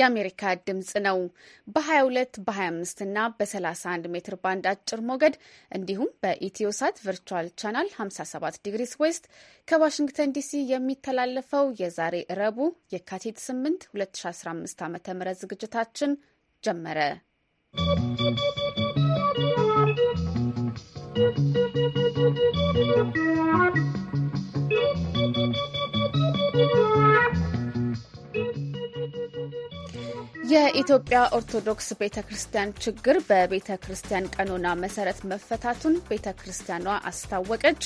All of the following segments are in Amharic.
የአሜሪካ ድምፅ ነው። በ22 በ25 እና በ31 ሜትር ባንድ አጭር ሞገድ እንዲሁም በኢትዮሳት ቨርቹዋል ቻናል 57 ዲግሪስ ዌስት ከዋሽንግተን ዲሲ የሚተላለፈው የዛሬ እረቡ የካቲት 8 2015 ዓ ም ዝግጅታችን ጀመረ። ¶¶ የኢትዮጵያ ኦርቶዶክስ ቤተ ክርስቲያን ችግር በቤተ ክርስቲያን ቀኖና መሰረት መፈታቱን ቤተ ክርስቲያኗ አስታወቀች።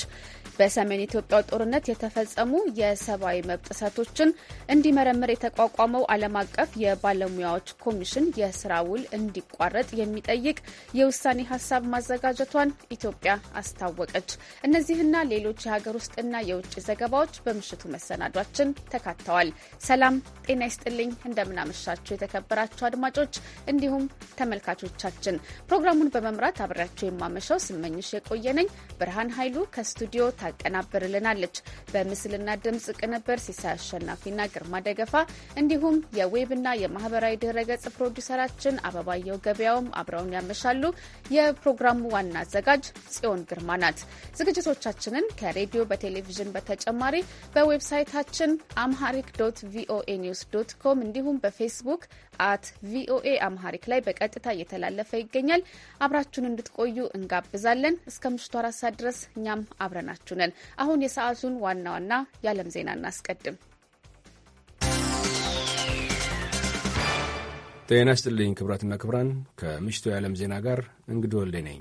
በሰሜን ኢትዮጵያ ጦርነት የተፈጸሙ የሰብአዊ መብት ጥሰቶችን እንዲመረምር የተቋቋመው ዓለም አቀፍ የባለሙያዎች ኮሚሽን የስራ ውል እንዲቋረጥ የሚጠይቅ የውሳኔ ሀሳብ ማዘጋጀቷን ኢትዮጵያ አስታወቀች። እነዚህና ሌሎች የሀገር ውስጥና የውጭ ዘገባዎች በምሽቱ መሰናዷችን ተካተዋል። ሰላም ጤና ይስጥልኝ። እንደምናመሻችሁ የተከበ የተከበራችሁ አድማጮች እንዲሁም ተመልካቾቻችን ፕሮግራሙን በመምራት አብሬያቸው የማመሻው ስመኝሽ የቆየነኝ ብርሃን ኃይሉ ከስቱዲዮ ታቀናብርልናለች። በምስልና ድምፅ ቅንብር ሲሳይ አሸናፊና ግርማ ደገፋ እንዲሁም የዌብና የማህበራዊ ድረገጽ ፕሮዲውሰራችን አበባየው ገበያውም አብረውን ያመሻሉ። የፕሮግራሙ ዋና አዘጋጅ ጽዮን ግርማ ናት። ዝግጅቶቻችንን ከሬዲዮ በቴሌቪዥን በተጨማሪ በዌብሳይታችን አምሃሪክ ዶት ቪኦኤ ኒውስ ዶት ኮም እንዲሁም በፌስቡክ አት ቪኦኤ አምሃሪክ ላይ በቀጥታ እየተላለፈ ይገኛል። አብራችሁን እንድትቆዩ እንጋብዛለን። እስከ ምሽቱ አራት ሰዓት ድረስ እኛም አብረናችሁ ነን። አሁን የሰዓቱን ዋና ዋና የዓለም ዜና እናስቀድም። ጤና ይስጥልኝ ክቡራትና ክቡራን፣ ከምሽቱ የዓለም ዜና ጋር እንግዲህ ወልዴ ነኝ።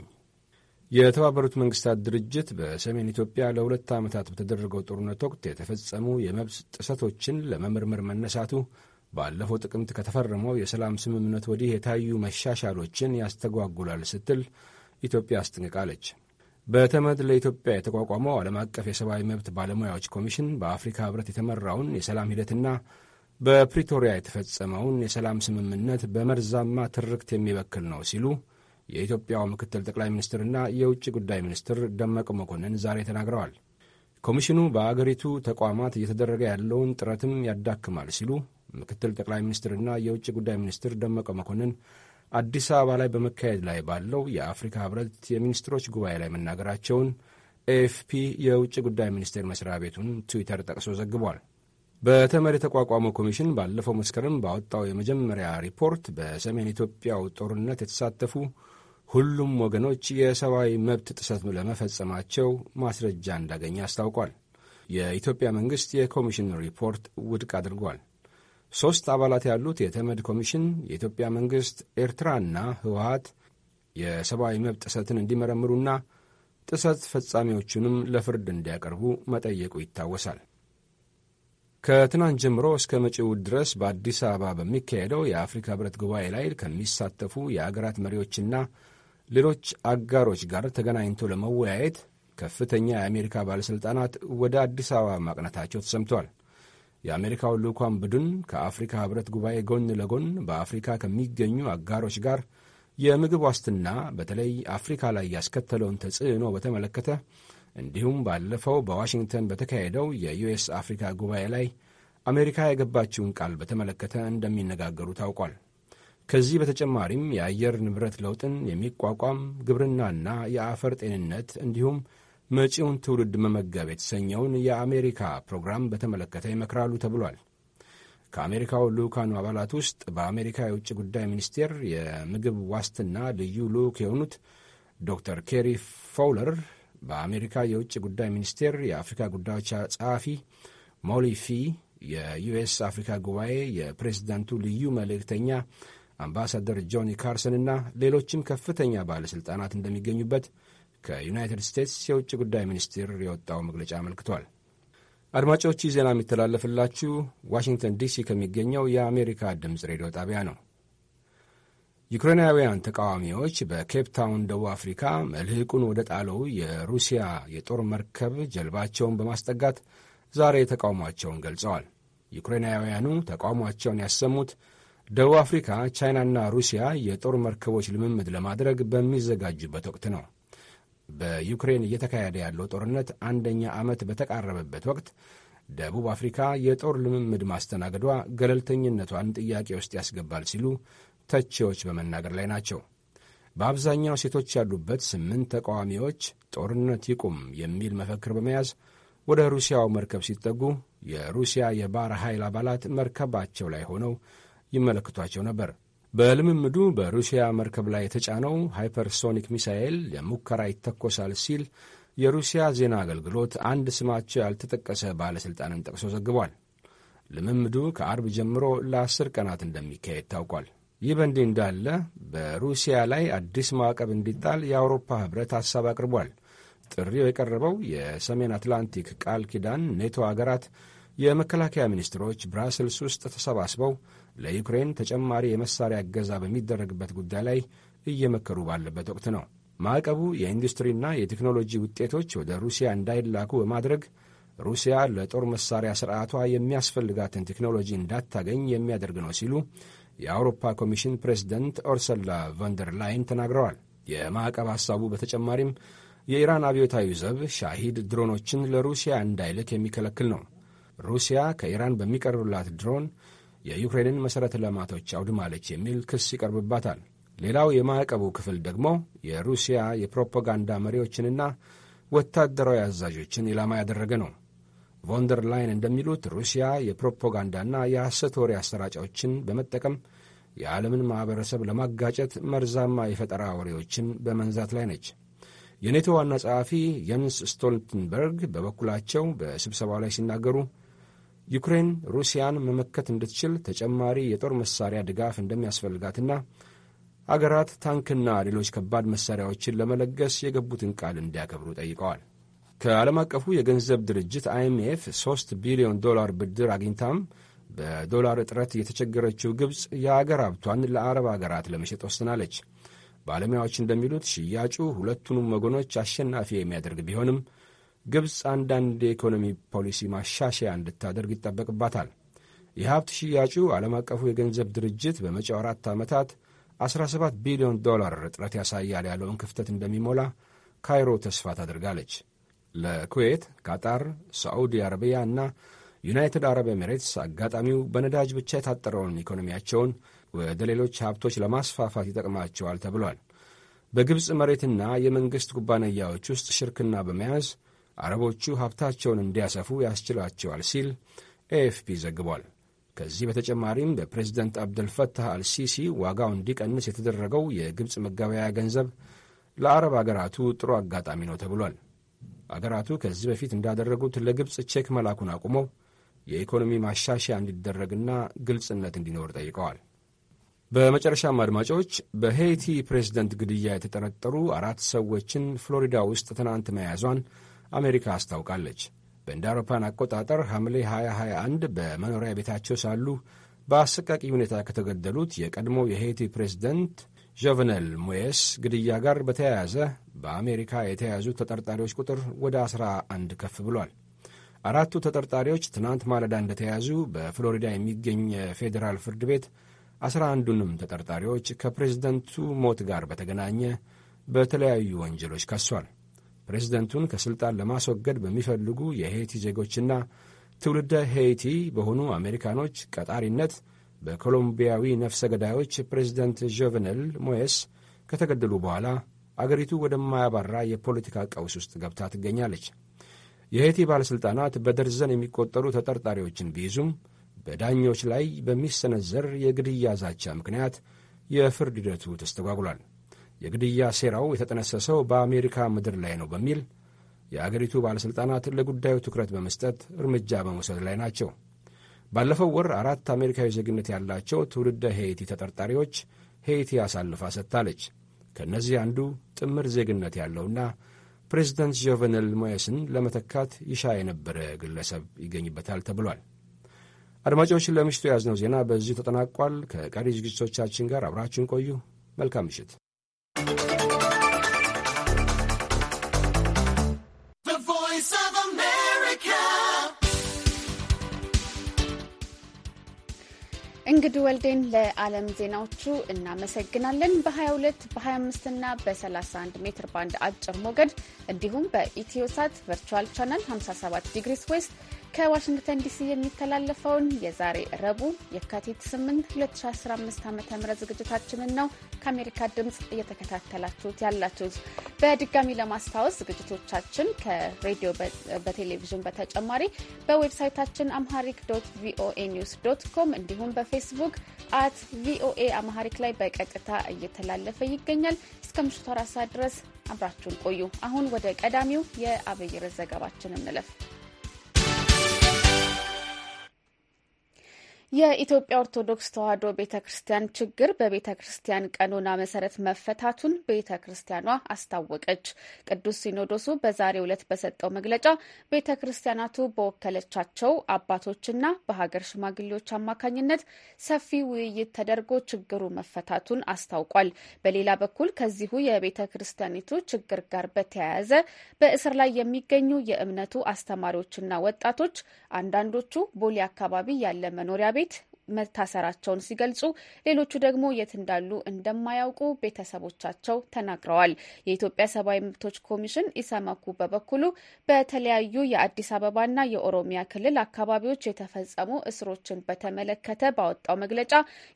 የተባበሩት መንግስታት ድርጅት በሰሜን ኢትዮጵያ ለሁለት ዓመታት በተደረገው ጦርነት ወቅት የተፈጸሙ የመብት ጥሰቶችን ለመመርመር መነሳቱ ባለፈው ጥቅምት ከተፈረመው የሰላም ስምምነት ወዲህ የታዩ መሻሻሎችን ያስተጓጉላል ስትል ኢትዮጵያ አስጠንቅቃለች። በተመድ ለኢትዮጵያ የተቋቋመው ዓለም አቀፍ የሰብአዊ መብት ባለሙያዎች ኮሚሽን በአፍሪካ ሕብረት የተመራውን የሰላም ሂደትና በፕሪቶሪያ የተፈጸመውን የሰላም ስምምነት በመርዛማ ትርክት የሚበክል ነው ሲሉ የኢትዮጵያው ምክትል ጠቅላይ ሚኒስትርና የውጭ ጉዳይ ሚኒስትር ደመቀ መኮንን ዛሬ ተናግረዋል። ኮሚሽኑ በአገሪቱ ተቋማት እየተደረገ ያለውን ጥረትም ያዳክማል ሲሉ ምክትል ጠቅላይ ሚኒስትርና የውጭ ጉዳይ ሚኒስትር ደመቀ መኮንን አዲስ አበባ ላይ በመካሄድ ላይ ባለው የአፍሪካ ህብረት የሚኒስትሮች ጉባኤ ላይ መናገራቸውን ኤኤፍፒ የውጭ ጉዳይ ሚኒስቴር መስሪያ ቤቱን ትዊተር ጠቅሶ ዘግቧል። በተመድ የተቋቋመው ኮሚሽን ባለፈው መስከረም ባወጣው የመጀመሪያ ሪፖርት በሰሜን ኢትዮጵያው ጦርነት የተሳተፉ ሁሉም ወገኖች የሰብአዊ መብት ጥሰት ለመፈጸማቸው ማስረጃ እንዳገኘ አስታውቋል። የኢትዮጵያ መንግሥት የኮሚሽን ሪፖርት ውድቅ አድርጓል። ሦስት አባላት ያሉት የተመድ ኮሚሽን የኢትዮጵያ መንግሥት ኤርትራና ህወሀት የሰብአዊ መብት ጥሰትን እንዲመረምሩና ጥሰት ፈጻሚዎቹንም ለፍርድ እንዲያቀርቡ መጠየቁ ይታወሳል። ከትናንት ጀምሮ እስከ መጪው ድረስ በአዲስ አበባ በሚካሄደው የአፍሪካ ህብረት ጉባኤ ላይ ከሚሳተፉ የአገራት መሪዎችና ሌሎች አጋሮች ጋር ተገናኝቶ ለመወያየት ከፍተኛ የአሜሪካ ባለሥልጣናት ወደ አዲስ አበባ ማቅናታቸው ተሰምቷል። የአሜሪካው ልዑካን ቡድን ከአፍሪካ ህብረት ጉባኤ ጎን ለጎን በአፍሪካ ከሚገኙ አጋሮች ጋር የምግብ ዋስትና በተለይ አፍሪካ ላይ ያስከተለውን ተጽዕኖ በተመለከተ እንዲሁም ባለፈው በዋሽንግተን በተካሄደው የዩኤስ አፍሪካ ጉባኤ ላይ አሜሪካ የገባችውን ቃል በተመለከተ እንደሚነጋገሩ ታውቋል። ከዚህ በተጨማሪም የአየር ንብረት ለውጥን የሚቋቋም ግብርናና የአፈር ጤንነት እንዲሁም መጪውን ትውልድ መመገብ የተሰኘውን የአሜሪካ ፕሮግራም በተመለከተ ይመክራሉ ተብሏል። ከአሜሪካው ልዑካኑ አባላት ውስጥ በአሜሪካ የውጭ ጉዳይ ሚኒስቴር የምግብ ዋስትና ልዩ ልዑክ የሆኑት ዶክተር ኬሪ ፎውለር፣ በአሜሪካ የውጭ ጉዳይ ሚኒስቴር የአፍሪካ ጉዳዮች ጸሐፊ ሞሊፊ፣ የዩኤስ አፍሪካ ጉባኤ የፕሬዝዳንቱ ልዩ መልእክተኛ አምባሳደር ጆኒ ካርሰን እና ሌሎችም ከፍተኛ ባለሥልጣናት እንደሚገኙበት ከዩናይትድ ስቴትስ የውጭ ጉዳይ ሚኒስቴር የወጣው መግለጫ አመልክቷል። አድማጮቹ ዜና የሚተላለፍላችሁ ዋሽንግተን ዲሲ ከሚገኘው የአሜሪካ ድምፅ ሬዲዮ ጣቢያ ነው። ዩክሬናውያን ተቃዋሚዎች በኬፕ ታውን ደቡብ አፍሪካ መልህቁን ወደ ጣለው የሩሲያ የጦር መርከብ ጀልባቸውን በማስጠጋት ዛሬ ተቃውሟቸውን ገልጸዋል። ዩክሬናውያኑ ተቃውሟቸውን ያሰሙት ደቡብ አፍሪካ፣ ቻይናና ሩሲያ የጦር መርከቦች ልምምድ ለማድረግ በሚዘጋጁበት ወቅት ነው። በዩክሬን እየተካሄደ ያለው ጦርነት አንደኛ ዓመት በተቃረበበት ወቅት ደቡብ አፍሪካ የጦር ልምምድ ማስተናገዷ ገለልተኝነቷን ጥያቄ ውስጥ ያስገባል ሲሉ ተቺዎች በመናገር ላይ ናቸው። በአብዛኛው ሴቶች ያሉበት ስምንት ተቃዋሚዎች ጦርነት ይቁም የሚል መፈክር በመያዝ ወደ ሩሲያው መርከብ ሲጠጉ የሩሲያ የባር ኃይል አባላት መርከባቸው ላይ ሆነው ይመለከቷቸው ነበር። በልምምዱ በሩሲያ መርከብ ላይ የተጫነው ሃይፐርሶኒክ ሚሳኤል ለሙከራ ይተኮሳል ሲል የሩሲያ ዜና አገልግሎት አንድ ስማቸው ያልተጠቀሰ ባለሥልጣንን ጠቅሶ ዘግቧል። ልምምዱ ከአርብ ጀምሮ ለአስር ቀናት እንደሚካሄድ ታውቋል። ይህ በእንዲህ እንዳለ በሩሲያ ላይ አዲስ ማዕቀብ እንዲጣል የአውሮፓ ኅብረት ሐሳብ አቅርቧል። ጥሪው የቀረበው የሰሜን አትላንቲክ ቃል ኪዳን ኔቶ አገራት የመከላከያ ሚኒስትሮች ብራስልስ ውስጥ ተሰባስበው ለዩክሬን ተጨማሪ የመሳሪያ እገዛ በሚደረግበት ጉዳይ ላይ እየመከሩ ባለበት ወቅት ነው። ማዕቀቡ የኢንዱስትሪና የቴክኖሎጂ ውጤቶች ወደ ሩሲያ እንዳይላኩ በማድረግ ሩሲያ ለጦር መሳሪያ ስርዓቷ የሚያስፈልጋትን ቴክኖሎጂ እንዳታገኝ የሚያደርግ ነው ሲሉ የአውሮፓ ኮሚሽን ፕሬዚደንት ኦርሰላ ቮንደር ላይን ተናግረዋል። የማዕቀብ ሐሳቡ በተጨማሪም የኢራን አብዮታዊ ዘብ ሻሂድ ድሮኖችን ለሩሲያ እንዳይልክ የሚከለክል ነው። ሩሲያ ከኢራን በሚቀርብላት ድሮን የዩክሬንን መሠረተ ልማቶች አውድማለች የሚል ክስ ይቀርብባታል። ሌላው የማዕቀቡ ክፍል ደግሞ የሩሲያ የፕሮፓጋንዳ መሪዎችንና ወታደራዊ አዛዦችን ኢላማ ያደረገ ነው። ቮንደር ላይን እንደሚሉት ሩሲያ የፕሮፓጋንዳና የሐሰት ወሬ አሰራጫዎችን በመጠቀም የዓለምን ማኅበረሰብ ለማጋጨት መርዛማ የፈጠራ ወሬዎችን በመንዛት ላይ ነች። የኔቶ ዋና ጸሐፊ የንስ ስቶልተንበርግ በበኩላቸው በስብሰባው ላይ ሲናገሩ ዩክሬን ሩሲያን መመከት እንድትችል ተጨማሪ የጦር መሳሪያ ድጋፍ እንደሚያስፈልጋትና አገራት ታንክና ሌሎች ከባድ መሳሪያዎችን ለመለገስ የገቡትን ቃል እንዲያከብሩ ጠይቀዋል። ከዓለም አቀፉ የገንዘብ ድርጅት አይኤምኤፍ 3 ቢሊዮን ዶላር ብድር አግኝታም በዶላር እጥረት የተቸገረችው ግብፅ የአገር ሀብቷን ለአረብ አገራት ለመሸጥ ወስናለች። ባለሙያዎች እንደሚሉት ሽያጩ ሁለቱንም ወገኖች አሸናፊ የሚያደርግ ቢሆንም ግብፅ አንዳንድ የኢኮኖሚ ፖሊሲ ማሻሻያ እንድታደርግ ይጠበቅባታል። የሀብት ሽያጩ ዓለም አቀፉ የገንዘብ ድርጅት በመጪው አራት ዓመታት 17 ቢሊዮን ዶላር እጥረት ያሳያል ያለውን ክፍተት እንደሚሞላ ካይሮ ተስፋ ታደርጋለች። ለኩዌት፣ ካጣር፣ ሳዑዲ አረቢያ እና ዩናይትድ አረብ ኤሚሬትስ አጋጣሚው በነዳጅ ብቻ የታጠረውን ኢኮኖሚያቸውን ወደ ሌሎች ሀብቶች ለማስፋፋት ይጠቅማቸዋል ተብሏል። በግብፅ መሬትና የመንግሥት ኩባንያዎች ውስጥ ሽርክና በመያዝ አረቦቹ ሀብታቸውን እንዲያሰፉ ያስችላቸዋል ሲል ኤኤፍፒ ዘግቧል። ከዚህ በተጨማሪም በፕሬዝደንት አብደልፈታህ አልሲሲ ዋጋው እንዲቀንስ የተደረገው የግብፅ መገበያያ ገንዘብ ለአረብ አገራቱ ጥሩ አጋጣሚ ነው ተብሏል። አገራቱ ከዚህ በፊት እንዳደረጉት ለግብፅ ቼክ መላኩን አቁመው የኢኮኖሚ ማሻሻያ እንዲደረግና ግልጽነት እንዲኖር ጠይቀዋል። በመጨረሻም አድማጮች በሄይቲ ፕሬዝደንት ግድያ የተጠረጠሩ አራት ሰዎችን ፍሎሪዳ ውስጥ ትናንት መያዟን አሜሪካ አስታውቃለች። በእንደ አውሮፓን አቆጣጠር ሐምሌ 2021 በመኖሪያ ቤታቸው ሳሉ በአሰቃቂ ሁኔታ ከተገደሉት የቀድሞ የሄይቲ ፕሬዝደንት ጆቨነል ሞየስ ግድያ ጋር በተያያዘ በአሜሪካ የተያዙ ተጠርጣሪዎች ቁጥር ወደ 11 ከፍ ብሏል። አራቱ ተጠርጣሪዎች ትናንት ማለዳ እንደተያዙ በፍሎሪዳ የሚገኝ የፌዴራል ፍርድ ቤት 11ዱንም ተጠርጣሪዎች ከፕሬዝደንቱ ሞት ጋር በተገናኘ በተለያዩ ወንጀሎች ከሷል። ፕሬዝደንቱን ከሥልጣን ለማስወገድ በሚፈልጉ የሄይቲ ዜጎችና ትውልደ ሄይቲ በሆኑ አሜሪካኖች ቀጣሪነት በኮሎምቢያዊ ነፍሰ ገዳዮች ፕሬዝደንት ዦቨነል ሞየስ ከተገደሉ በኋላ አገሪቱ ወደማያባራ የፖለቲካ ቀውስ ውስጥ ገብታ ትገኛለች። የሄይቲ ባለሥልጣናት በደርዘን የሚቆጠሩ ተጠርጣሪዎችን ቢይዙም በዳኞች ላይ በሚሰነዘር የግድያ ዛቻ ምክንያት የፍርድ ሂደቱ ተስተጓጉሏል። የግድያ ሴራው የተጠነሰሰው በአሜሪካ ምድር ላይ ነው በሚል የአገሪቱ ባለሥልጣናት ለጉዳዩ ትኩረት በመስጠት እርምጃ በመውሰድ ላይ ናቸው። ባለፈው ወር አራት አሜሪካዊ ዜግነት ያላቸው ትውልደ ሄይቲ ተጠርጣሪዎች ሄይቲ አሳልፋ ሰጥታለች። ከእነዚህ አንዱ ጥምር ዜግነት ያለውና ፕሬዚደንት ጆቨነል ሞየስን ለመተካት ይሻ የነበረ ግለሰብ ይገኝበታል ተብሏል። አድማጮች፣ ለምሽቱ የያዝነው ዜና በዚሁ ተጠናቋል። ከቀሪ ዝግጅቶቻችን ጋር አብራችሁን ቆዩ። መልካም ምሽት። እንግዲህ ወልዴን ለዓለም ዜናዎቹ እናመሰግናለን። በ22 በ25 እና በ31 ሜትር ባንድ አጭር ሞገድ እንዲሁም በኢትዮሳት ቨርቹዋል ቻናል 57 ዲግሪስ ዌስት ከዋሽንግተን ዲሲ የሚተላለፈውን የዛሬ ረቡዕ የካቲት 8 2015 ዓ ም ዝግጅታችንን ነው ከአሜሪካ ድምፅ እየተከታተላችሁት ያላችሁት። በድጋሚ ለማስታወስ ዝግጅቶቻችን ከሬዲዮ በቴሌቪዥን በተጨማሪ በዌብሳይታችን አምሃሪክ ዶት ቪኦኤ ኒውስ ዶት ኮም እንዲሁም በፌስቡክ አት ቪኦኤ አምሃሪክ ላይ በቀጥታ እየተላለፈ ይገኛል። እስከ ምሽቱ አራት ሰዓት ድረስ አብራችሁን ቆዩ። አሁን ወደ ቀዳሚው የአብይር ዘገባችን እንለፍ። የኢትዮጵያ ኦርቶዶክስ ተዋሕዶ ቤተ ክርስቲያን ችግር በቤተ ክርስቲያን ቀኖና መሰረት መፈታቱን ቤተ ክርስቲያኗ አስታወቀች። ቅዱስ ሲኖዶሱ በዛሬው ዕለት በሰጠው መግለጫ ቤተ ክርስቲያናቱ በወከለቻቸው አባቶችና በሀገር ሽማግሌዎች አማካኝነት ሰፊ ውይይት ተደርጎ ችግሩ መፈታቱን አስታውቋል። በሌላ በኩል ከዚሁ የቤተ ክርስቲያኒቱ ችግር ጋር በተያያዘ በእስር ላይ የሚገኙ የእምነቱ አስተማሪዎችና ወጣቶች አንዳንዶቹ ቦሌ አካባቢ ያለ መኖሪያ ቤት ቤት መታሰራቸውን ሲገልጹ ሌሎቹ ደግሞ የት እንዳሉ እንደማያውቁ ቤተሰቦቻቸው ተናግረዋል። የኢትዮጵያ ሰብአዊ መብቶች ኮሚሽን ኢሰመኩ በበኩሉ በተለያዩ የአዲስ አበባና የኦሮሚያ ክልል አካባቢዎች የተፈጸሙ እስሮችን በተመለከተ ባወጣው መግለጫ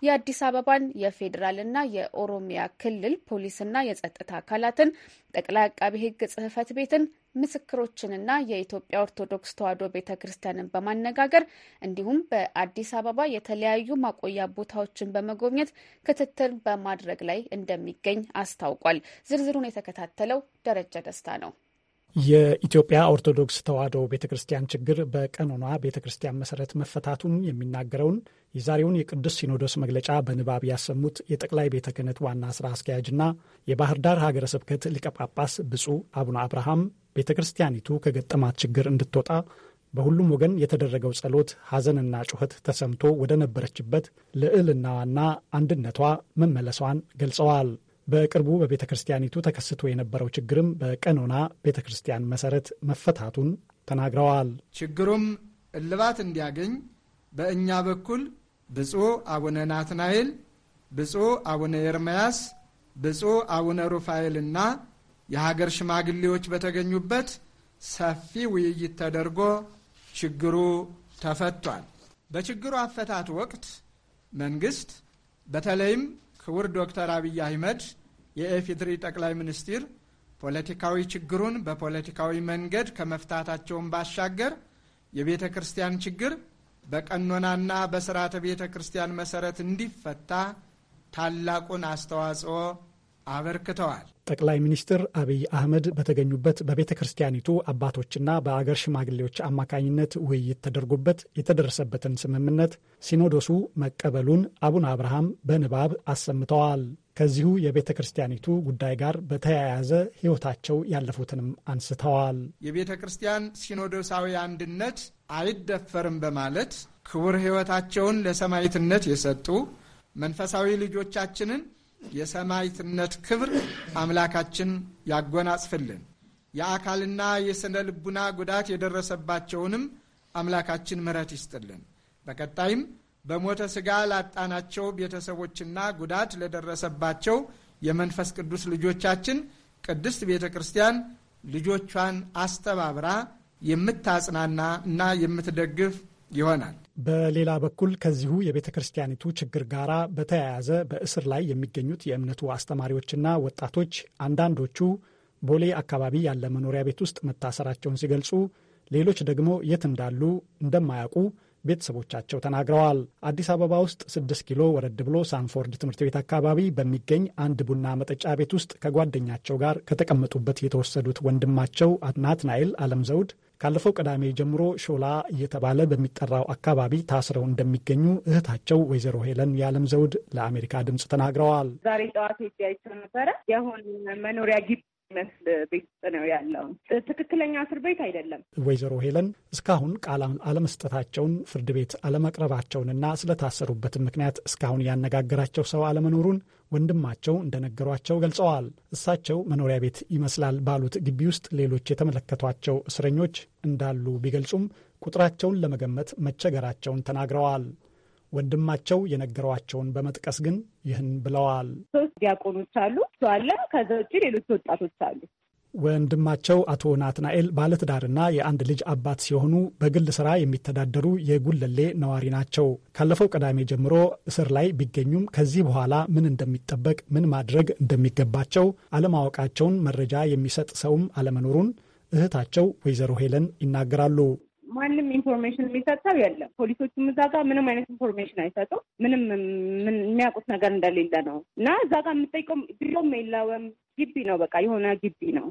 የአዲስ አበባን የፌዴራልና የኦሮሚያ ክልል ፖሊስና የጸጥታ አካላትን ጠቅላይ አቃቢ ሕግ ጽህፈት ቤትን ምስክሮችንና የኢትዮጵያ ኦርቶዶክስ ተዋሕዶ ቤተ ክርስቲያንን በማነጋገር እንዲሁም በአዲስ አበባ የተለያዩ ማቆያ ቦታዎችን በመጎብኘት ክትትል በማድረግ ላይ እንደሚገኝ አስታውቋል። ዝርዝሩን የተከታተለው ደረጀ ደስታ ነው። የኢትዮጵያ ኦርቶዶክስ ተዋሕዶ ቤተ ክርስቲያን ችግር በቀኖኗ ቤተ ክርስቲያን መሰረት መፈታቱን የሚናገረውን የዛሬውን የቅዱስ ሲኖዶስ መግለጫ በንባብ ያሰሙት የጠቅላይ ቤተ ክህነት ዋና ስራ አስኪያጅና የባህር ዳር ሀገረ ስብከት ሊቀ ጳጳስ ብፁዕ አቡነ አብርሃም ቤተ ክርስቲያኒቱ ከገጠማት ችግር እንድትወጣ በሁሉም ወገን የተደረገው ጸሎት፣ ሐዘንና ጩኸት ተሰምቶ ወደ ነበረችበት ልዕልናዋና አንድነቷ መመለሷን ገልጸዋል። በቅርቡ በቤተ ክርስቲያኒቱ ተከስቶ የነበረው ችግርም በቀኖና ቤተ ክርስቲያን መሠረት መፈታቱን ተናግረዋል። ችግሩም እልባት እንዲያገኝ በእኛ በኩል ብፁዕ አቡነ ናትናኤል፣ ብፁዕ አቡነ ኤርምያስ፣ ብፁዕ አቡነ ሩፋኤልና የሀገር ሽማግሌዎች በተገኙበት ሰፊ ውይይት ተደርጎ ችግሩ ተፈቷል። በችግሩ አፈታት ወቅት መንግስት በተለይም ክቡር ዶክተር አብይ አህመድ የኤፌድሪ ጠቅላይ ሚኒስትር ፖለቲካዊ ችግሩን በፖለቲካዊ መንገድ ከመፍታታቸውን ባሻገር የቤተ ክርስቲያን ችግር በቀኖናና በስርዓተ ቤተ ክርስቲያን መሰረት እንዲፈታ ታላቁን አስተዋጽኦ አበርክተዋል። ጠቅላይ ሚኒስትር አብይ አህመድ በተገኙበት በቤተ ክርስቲያኒቱ አባቶችና በአገር ሽማግሌዎች አማካኝነት ውይይት ተደርጎበት የተደረሰበትን ስምምነት ሲኖዶሱ መቀበሉን አቡነ አብርሃም በንባብ አሰምተዋል። ከዚሁ የቤተ ክርስቲያኒቱ ጉዳይ ጋር በተያያዘ ሕይወታቸው ያለፉትንም አንስተዋል። የቤተ ክርስቲያን ሲኖዶሳዊ አንድነት አይደፈርም በማለት ክቡር ሕይወታቸውን ለሰማዕትነት የሰጡ መንፈሳዊ ልጆቻችንን የሰማይትነት ክብር አምላካችን ያጎናጽፍልን። የአካልና የሥነ ልቡና ጉዳት የደረሰባቸውንም አምላካችን ምሕረት ይስጥልን። በቀጣይም በሞተ ሥጋ ላጣናቸው ቤተሰቦችና ጉዳት ለደረሰባቸው የመንፈስ ቅዱስ ልጆቻችን ቅድስት ቤተ ክርስቲያን ልጆቿን አስተባብራ የምታጽናና እና የምትደግፍ ይሆናል። በሌላ በኩል ከዚሁ የቤተ ክርስቲያኒቱ ችግር ጋር በተያያዘ በእስር ላይ የሚገኙት የእምነቱ አስተማሪዎችና ወጣቶች አንዳንዶቹ ቦሌ አካባቢ ያለ መኖሪያ ቤት ውስጥ መታሰራቸውን ሲገልጹ፣ ሌሎች ደግሞ የት እንዳሉ እንደማያውቁ ቤተሰቦቻቸው ተናግረዋል። አዲስ አበባ ውስጥ 6 ኪሎ ወረድ ብሎ ሳንፎርድ ትምህርት ቤት አካባቢ በሚገኝ አንድ ቡና መጠጫ ቤት ውስጥ ከጓደኛቸው ጋር ከተቀመጡበት የተወሰዱት ወንድማቸው ናትናኤል አለም ዘውድ ካለፈው ቅዳሜ ጀምሮ ሾላ እየተባለ በሚጠራው አካባቢ ታስረው እንደሚገኙ እህታቸው ወይዘሮ ሄለን የዓለም ዘውድ ለአሜሪካ ድምፅ ተናግረዋል። ዛሬ ጠዋት ሄጃቸው ነበረ። የአሁን መኖሪያ ግቢ መስል ቤት ነው ያለው። ትክክለኛ እስር ቤት አይደለም። ወይዘሮ ሄለን እስካሁን ቃል አለመስጠታቸውን፣ ፍርድ ቤት አለመቅረባቸውንና ስለታሰሩበትም ምክንያት እስካሁን ያነጋገራቸው ሰው አለመኖሩን ወንድማቸው እንደነገሯቸው ገልጸዋል። እሳቸው መኖሪያ ቤት ይመስላል ባሉት ግቢ ውስጥ ሌሎች የተመለከቷቸው እስረኞች እንዳሉ ቢገልጹም ቁጥራቸውን ለመገመት መቸገራቸውን ተናግረዋል። ወንድማቸው የነገሯቸውን በመጥቀስ ግን ይህን ብለዋል። ሶስት ዲያቆኖች አሉ እሱ አለ። ከዛ ውጭ ሌሎች ወጣቶች አሉ። ወንድማቸው አቶ ናትናኤል ባለትዳርና የአንድ ልጅ አባት ሲሆኑ በግል ስራ የሚተዳደሩ የጉለሌ ነዋሪ ናቸው። ካለፈው ቅዳሜ ጀምሮ እስር ላይ ቢገኙም ከዚህ በኋላ ምን እንደሚጠበቅ፣ ምን ማድረግ እንደሚገባቸው አለማወቃቸውን መረጃ የሚሰጥ ሰውም አለመኖሩን እህታቸው ወይዘሮ ሄለን ይናገራሉ። ማንም ኢንፎርሜሽን የሚሰጥ ሰው የለም። ፖሊሶቹም እዛ ጋር ምንም አይነት ኢንፎርሜሽን አይሰጡም። ምንም የሚያውቁት ነገር እንደሌለ ነው እና እዛ ጋር የምጠይቀው ቢሮም የለውም። ግቢ ነው በቃ የሆነ ግቢ ነው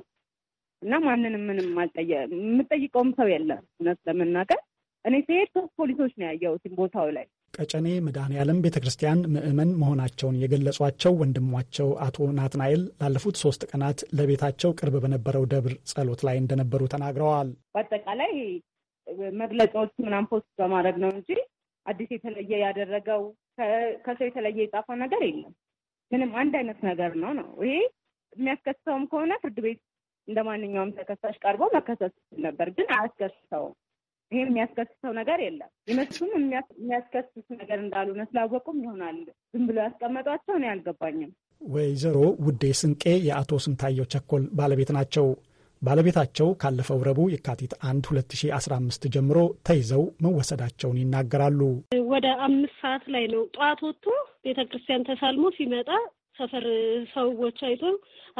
እና ማንንም ምንም አልጠየ የምጠይቀውም ሰው የለም። እውነት ለመናገር እኔ ስሄድ ሶስት ፖሊሶች ነው ያየሁትም ቦታው ላይ። ቀጨኔ መድኃኔ ዓለም ቤተ ክርስቲያን ምእመን መሆናቸውን የገለጿቸው ወንድሟቸው አቶ ናትናኤል ላለፉት ሶስት ቀናት ለቤታቸው ቅርብ በነበረው ደብር ጸሎት ላይ እንደነበሩ ተናግረዋል። በአጠቃላይ መግለጫዎች ምናምን ፖስት በማድረግ ነው እንጂ አዲስ የተለየ ያደረገው ከሰው የተለየ የጻፈ ነገር የለም። ምንም አንድ አይነት ነገር ነው ነው ይሄ የሚያስከስሰውም ከሆነ ፍርድ ቤት እንደ ማንኛውም ተከሳሽ ቀርቦ መከሰስ ነበር፣ ግን አያስከስሰውም። ይሄ የሚያስከስሰው ነገር የለም። እነሱም የሚያስከስስ ነገር እንዳልሆነ ስላወቁም ይሆናል ዝም ብሎ ያስቀመጧቸው ነው አልገባኝም። ወይዘሮ ውዴ ስንቄ የአቶ ስንታየው ቸኮል ባለቤት ናቸው። ባለቤታቸው ካለፈው ረቡዕ የካቲት 1 2015 ጀምሮ ተይዘው መወሰዳቸውን ይናገራሉ። ወደ አምስት ሰዓት ላይ ነው ጠዋት ወጥቶ ቤተ ክርስቲያን ተሳልሞ ሲመጣ ሰፈር ሰዎች አይቶ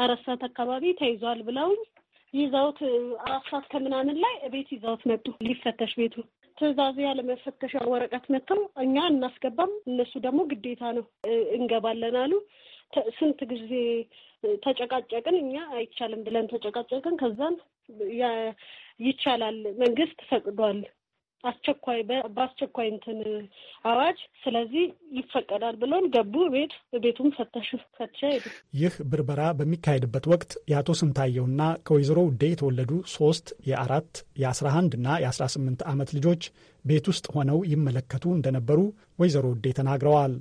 አራት ሰዓት አካባቢ ተይዟል ብለውኝ ይዘውት አራት ሰዓት ከምናምን ላይ ቤት ይዘውት መጡ። ሊፈተሽ ቤቱ ትዕዛዝ ያለ መፈተሻ ወረቀት መጥተው እኛ እናስገባም እነሱ ደግሞ ግዴታ ነው እንገባለን አሉ። ስንት ጊዜ ተጨቃጨቅን። እኛ አይቻልም ብለን ተጨቃጨቅን። ከዛም ይቻላል መንግስት ፈቅዷል አስቸኳይ በአስቸኳይ እንትን አዋጅ ስለዚህ ይፈቀዳል ብሎን ገቡ። ቤት ቤቱም ፈተሹ ፈትሻ ሄዱ። ይህ ብርበራ በሚካሄድበት ወቅት የአቶ ስንታየውና ከወይዘሮ ውዴ የተወለዱ ሶስት የአራት የአስራ አንድ እና የአስራ ስምንት ዓመት ልጆች ቤት ውስጥ ሆነው ይመለከቱ እንደነበሩ ወይዘሮ ውዴ ተናግረዋል።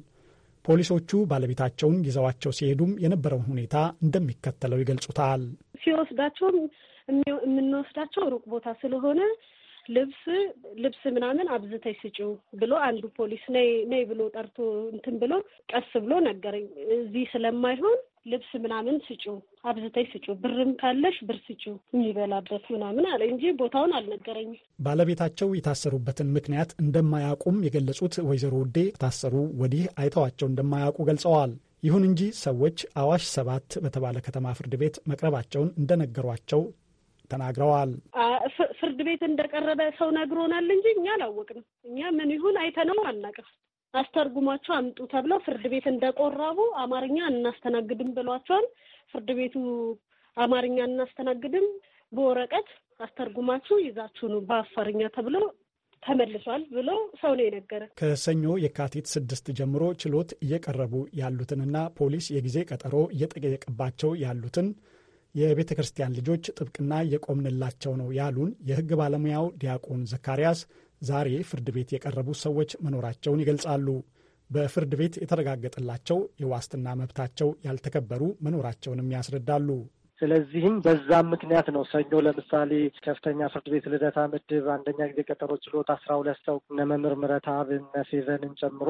ፖሊሶቹ ባለቤታቸውን ይዘዋቸው ሲሄዱም የነበረውን ሁኔታ እንደሚከተለው ይገልጹታል። ሲወስዳቸውም የምንወስዳቸው ሩቅ ቦታ ስለሆነ ልብስ ልብስ ምናምን አብዝተሽ ስጪው ብሎ አንዱ ፖሊስ ነይ ብሎ ጠርቶ እንትን ብሎ ቀስ ብሎ ነገረኝ። እዚህ ስለማይሆን ልብስ ምናምን ስጪው፣ አብዝተሽ ስጪው፣ ብርም ካለሽ ብር ስጪው የሚበላበት ምናምን አለ እንጂ ቦታውን አልነገረኝም። ባለቤታቸው የታሰሩበትን ምክንያት እንደማያውቁም የገለጹት ወይዘሮ ውዴ ታሰሩ ወዲህ አይተዋቸው እንደማያውቁ ገልጸዋል። ይሁን እንጂ ሰዎች አዋሽ ሰባት በተባለ ከተማ ፍርድ ቤት መቅረባቸውን እንደነገሯቸው ተናግረዋል። ፍርድ ቤት እንደቀረበ ሰው ነግሮናል እንጂ እኛ አላወቅንም። እኛ ምን ይሁን አይተነው አናውቅም። አስተርጉማቸው አምጡ ተብለው ፍርድ ቤት እንደቆረቡ አማርኛ እናስተናግድም ብሏቸዋል። ፍርድ ቤቱ አማርኛ እናስተናግድም በወረቀት አስተርጉማችሁ ይዛችሁ በአፋርኛ ተብሎ ተመልሷል ብሎ ሰው ነው የነገረ። ከሰኞ የካቲት ስድስት ጀምሮ ችሎት እየቀረቡ ያሉትንና ፖሊስ የጊዜ ቀጠሮ እየጠየቀባቸው ያሉትን የቤተ ክርስቲያን ልጆች ጥብቅና የቆምንላቸው ነው ያሉን የሕግ ባለሙያው ዲያቆን ዘካርያስ ዛሬ ፍርድ ቤት የቀረቡ ሰዎች መኖራቸውን ይገልጻሉ። በፍርድ ቤት የተረጋገጠላቸው የዋስትና መብታቸው ያልተከበሩ መኖራቸውንም ያስረዳሉ። ስለዚህም በዛም ምክንያት ነው ሰኞ ለምሳሌ ከፍተኛ ፍርድ ቤት ልደታ ምድብ አንደኛ ጊዜ ቀጠሮ ችሎት አስራ ሁለት ሰው እነ መምህር ምረትአብ እነ ጨምሮ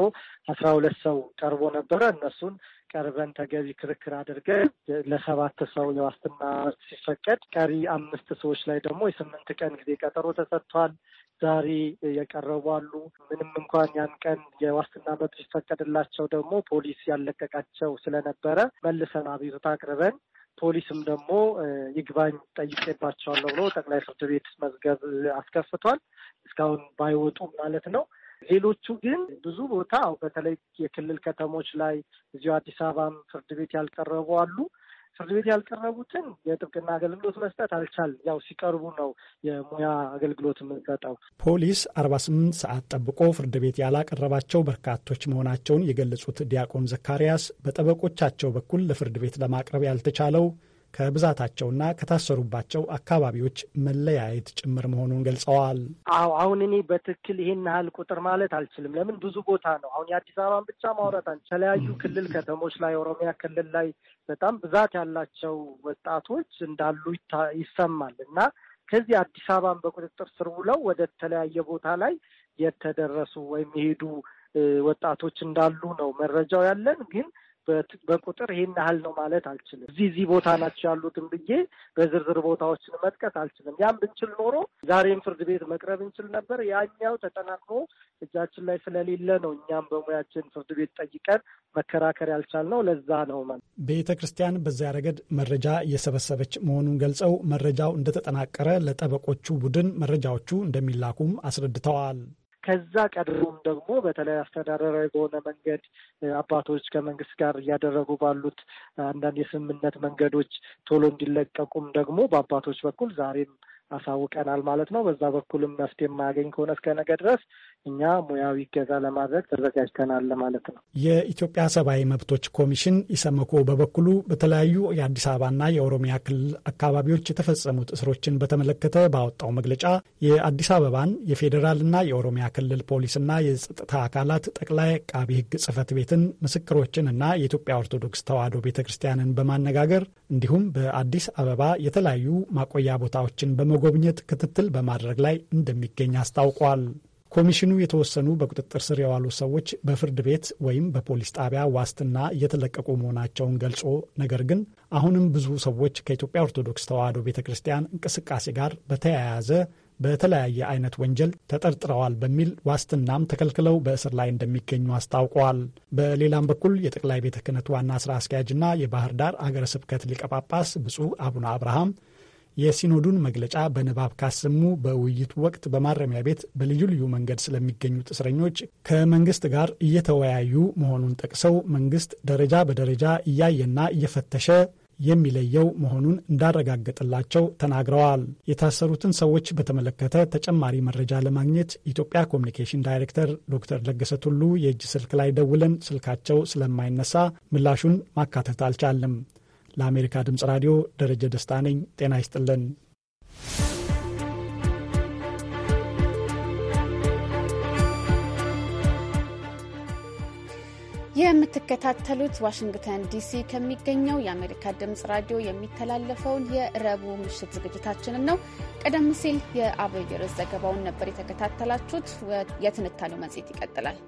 አስራ ሁለት ሰው ቀርቦ ነበረ። እነሱን ቀርበን ተገቢ ክርክር አድርገን ለሰባት ሰው የዋስትና መብት ሲፈቀድ ቀሪ አምስት ሰዎች ላይ ደግሞ የስምንት ቀን ጊዜ ቀጠሮ ተሰጥቷል። ዛሬ የቀረቡ አሉ። ምንም እንኳን ያን ቀን የዋስትና መብት ሲፈቀድላቸው ደግሞ ፖሊስ ያለቀቃቸው ስለነበረ መልሰን አቤቱታ አቅርበን ፖሊስም ደግሞ ይግባኝ ጠይቄባቸዋለሁ ብሎ ጠቅላይ ፍርድ ቤት መዝገብ አስከፍቷል። እስካሁን ባይወጡም ማለት ነው። ሌሎቹ ግን ብዙ ቦታ በተለይ የክልል ከተሞች ላይ እዚሁ አዲስ አበባም ፍርድ ቤት ያልቀረቡ አሉ። ፍርድ ቤት ያልቀረቡትን የጥብቅና አገልግሎት መስጠት አልቻልም። ያው ሲቀርቡ ነው የሙያ አገልግሎት የምንሰጠው። ፖሊስ አርባ ስምንት ሰዓት ጠብቆ ፍርድ ቤት ያላቀረባቸው በርካቶች መሆናቸውን የገለጹት ዲያቆን ዘካሪያስ በጠበቆቻቸው በኩል ለፍርድ ቤት ለማቅረብ ያልተቻለው ከብዛታቸውና ከታሰሩባቸው አካባቢዎች መለያየት ጭምር መሆኑን ገልጸዋል። አዎ አሁን እኔ በትክክል ይሄን ያህል ቁጥር ማለት አልችልም። ለምን ብዙ ቦታ ነው። አሁን የአዲስ አበባን ብቻ ማውራት አንችልም። የተለያዩ ክልል ከተሞች ላይ ኦሮሚያ ክልል ላይ በጣም ብዛት ያላቸው ወጣቶች እንዳሉ ይሰማል እና ከዚህ አዲስ አበባን በቁጥጥር ስር ውለው ወደ ተለያየ ቦታ ላይ የተደረሱ ወይም የሄዱ ወጣቶች እንዳሉ ነው መረጃው ያለን ግን በቁጥር ይህን ያህል ነው ማለት አልችልም። እዚህ እዚህ ቦታ ናቸው ያሉትን ብዬ በዝርዝር ቦታዎችን መጥቀስ አልችልም። ያም ብንችል ኖሮ ዛሬም ፍርድ ቤት መቅረብ እንችል ነበር። ያኛው ተጠናክሮ እጃችን ላይ ስለሌለ ነው እኛም በሙያችን ፍርድ ቤት ጠይቀን መከራከር ያልቻልነው ለዛ ነው ማለት። ቤተ ክርስቲያን በዚያ ረገድ መረጃ እየሰበሰበች መሆኑን ገልጸው መረጃው እንደተጠናቀረ ለጠበቆቹ ቡድን መረጃዎቹ እንደሚላኩም አስረድተዋል። ከዛ ቀድሞም ደግሞ በተለይ አስተዳደራዊ በሆነ መንገድ አባቶች ከመንግስት ጋር እያደረጉ ባሉት አንዳንድ የስምምነት መንገዶች ቶሎ እንዲለቀቁም ደግሞ በአባቶች በኩል ዛሬም አሳውቀናል ማለት ነው። በዛ በኩልም መፍትሄ የማያገኝ ከሆነ እስከ ነገ ድረስ እኛ ሙያዊ እገዛ ለማድረግ ተዘጋጅተናል ማለት ነው። የኢትዮጵያ ሰብአዊ መብቶች ኮሚሽን ኢሰመኮ በበኩሉ በተለያዩ የአዲስ አበባና የኦሮሚያ ክልል አካባቢዎች የተፈጸሙት እስሮችን በተመለከተ ባወጣው መግለጫ የአዲስ አበባን የፌዴራልና የኦሮሚያ ክልል ፖሊስና የጸጥታ አካላት ጠቅላይ አቃቢ ሕግ ጽህፈት ቤትን ምስክሮችንና የኢትዮጵያ ኦርቶዶክስ ተዋሕዶ ቤተ ክርስቲያንን በማነጋገር እንዲሁም በአዲስ አበባ የተለያዩ ማቆያ ቦታዎችን በመ የመጎብኘት ክትትል በማድረግ ላይ እንደሚገኝ አስታውቋል። ኮሚሽኑ የተወሰኑ በቁጥጥር ስር የዋሉ ሰዎች በፍርድ ቤት ወይም በፖሊስ ጣቢያ ዋስትና እየተለቀቁ መሆናቸውን ገልጾ ነገር ግን አሁንም ብዙ ሰዎች ከኢትዮጵያ ኦርቶዶክስ ተዋሕዶ ቤተ ክርስቲያን እንቅስቃሴ ጋር በተያያዘ በተለያየ አይነት ወንጀል ተጠርጥረዋል በሚል ዋስትናም ተከልክለው በእስር ላይ እንደሚገኙ አስታውቀዋል። በሌላም በኩል የጠቅላይ ቤተ ክህነት ዋና ስራ አስኪያጅና የባህር ዳር አገረ ስብከት ሊቀ ጳጳስ ብፁዕ አቡነ አብርሃም የሲኖዱን መግለጫ በንባብ ካሰሙ በውይይቱ ወቅት በማረሚያ ቤት በልዩ ልዩ መንገድ ስለሚገኙት እስረኞች ከመንግስት ጋር እየተወያዩ መሆኑን ጠቅሰው መንግስት ደረጃ በደረጃ እያየና እየፈተሸ የሚለየው መሆኑን እንዳረጋገጥላቸው ተናግረዋል። የታሰሩትን ሰዎች በተመለከተ ተጨማሪ መረጃ ለማግኘት ኢትዮጵያ ኮሚኒኬሽን ዳይሬክተር ዶክተር ለገሰ ቱሉ የእጅ ስልክ ላይ ደውለን ስልካቸው ስለማይነሳ ምላሹን ማካተት አልቻለም። ለአሜሪካ ድምጽ ራዲዮ ደረጀ ደስታ ነኝ። ጤና ይስጥልን። የምትከታተሉት ዋሽንግተን ዲሲ ከሚገኘው የአሜሪካ ድምጽ ራዲዮ የሚተላለፈውን የረቡ ምሽት ዝግጅታችንን ነው። ቀደም ሲል የአብይ ርዕስ ዘገባውን ነበር የተከታተላችሁት። የትንታኔው መጽሔት ይቀጥላል።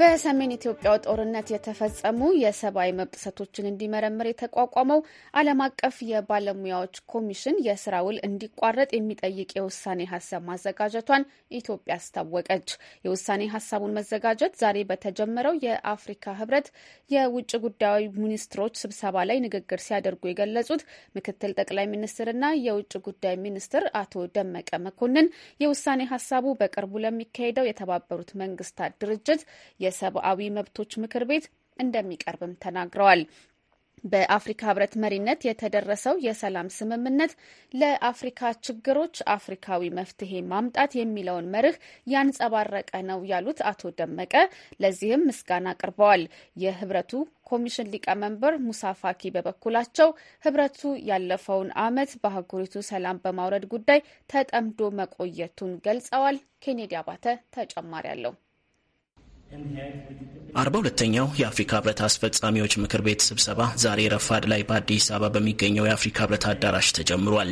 በሰሜን ኢትዮጵያው ጦርነት የተፈጸሙ የሰብአዊ መብት ጥሰቶችን እንዲመረምር የተቋቋመው ዓለም አቀፍ የባለሙያዎች ኮሚሽን የስራ ውል እንዲቋረጥ የሚጠይቅ የውሳኔ ሀሳብ ማዘጋጀቷን ኢትዮጵያ አስታወቀች። የውሳኔ ሀሳቡን መዘጋጀት ዛሬ በተጀመረው የአፍሪካ ህብረት የውጭ ጉዳዩ ሚኒስትሮች ስብሰባ ላይ ንግግር ሲያደርጉ የገለጹት ምክትል ጠቅላይ ሚኒስትርና የውጭ ጉዳይ ሚኒስትር አቶ ደመቀ መኮንን የውሳኔ ሀሳቡ በቅርቡ ለሚካሄደው የተባበሩት መንግስታት ድርጅት የሰብአዊ መብቶች ምክር ቤት እንደሚቀርብም ተናግረዋል። በአፍሪካ ህብረት መሪነት የተደረሰው የሰላም ስምምነት ለአፍሪካ ችግሮች አፍሪካዊ መፍትሄ ማምጣት የሚለውን መርህ ያንጸባረቀ ነው ያሉት አቶ ደመቀ ለዚህም ምስጋና አቅርበዋል። የህብረቱ ኮሚሽን ሊቀመንበር ሙሳ ፋኪ በበኩላቸው ህብረቱ ያለፈውን ዓመት በአህጉሪቱ ሰላም በማውረድ ጉዳይ ተጠምዶ መቆየቱን ገልጸዋል። ኬኔዲ አባተ ተጨማሪ አለው። አርባ ሁለተኛው የአፍሪካ ህብረት አስፈጻሚዎች ምክር ቤት ስብሰባ ዛሬ ረፋድ ላይ በአዲስ አበባ በሚገኘው የአፍሪካ ህብረት አዳራሽ ተጀምሯል።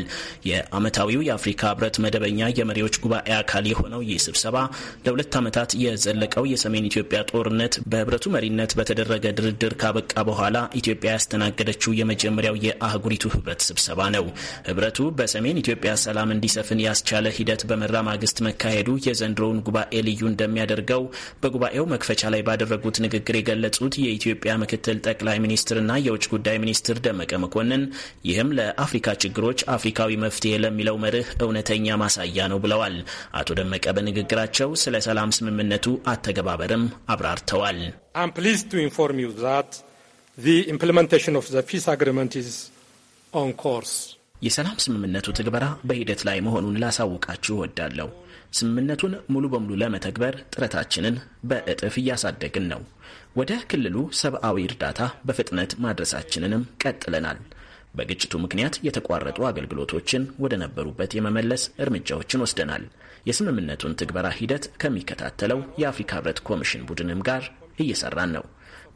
የአመታዊው የአፍሪካ ህብረት መደበኛ የመሪዎች ጉባኤ አካል የሆነው ይህ ስብሰባ ለሁለት ዓመታት የዘለቀው የሰሜን ኢትዮጵያ ጦርነት በህብረቱ መሪነት በተደረገ ድርድር ካበቃ በኋላ ኢትዮጵያ ያስተናገደችው የመጀመሪያው የአህጉሪቱ ህብረት ስብሰባ ነው። ህብረቱ በሰሜን ኢትዮጵያ ሰላም እንዲሰፍን ያስቻለ ሂደት በመራ ማግስት መካሄዱ የዘንድሮውን ጉባኤ ልዩ እንደሚያደርገው በጉባኤው መክፈቻ ላይ ባደረጉት ንግግር የገለጹት የኢትዮጵያ ምክትል ጠቅላይ ሚኒስትርና የውጭ ጉዳይ ሚኒስትር ደመቀ መኮንን ይህም ለአፍሪካ ችግሮች አፍሪካዊ መፍትሄ ለሚለው መርህ እውነተኛ ማሳያ ነው ብለዋል። አቶ ደመቀ በንግግራቸው ስለ ሰላም ስምምነቱ አተገባበርም አብራርተዋል። የሰላም ስምምነቱ ትግበራ በሂደት ላይ መሆኑን ላሳውቃችሁ እወዳለሁ። ስምምነቱን ሙሉ በሙሉ ለመተግበር ጥረታችንን በእጥፍ እያሳደግን ነው። ወደ ክልሉ ሰብአዊ እርዳታ በፍጥነት ማድረሳችንንም ቀጥለናል። በግጭቱ ምክንያት የተቋረጡ አገልግሎቶችን ወደ ነበሩበት የመመለስ እርምጃዎችን ወስደናል። የስምምነቱን ትግበራ ሂደት ከሚከታተለው የአፍሪካ ህብረት ኮሚሽን ቡድንም ጋር እየሰራን ነው።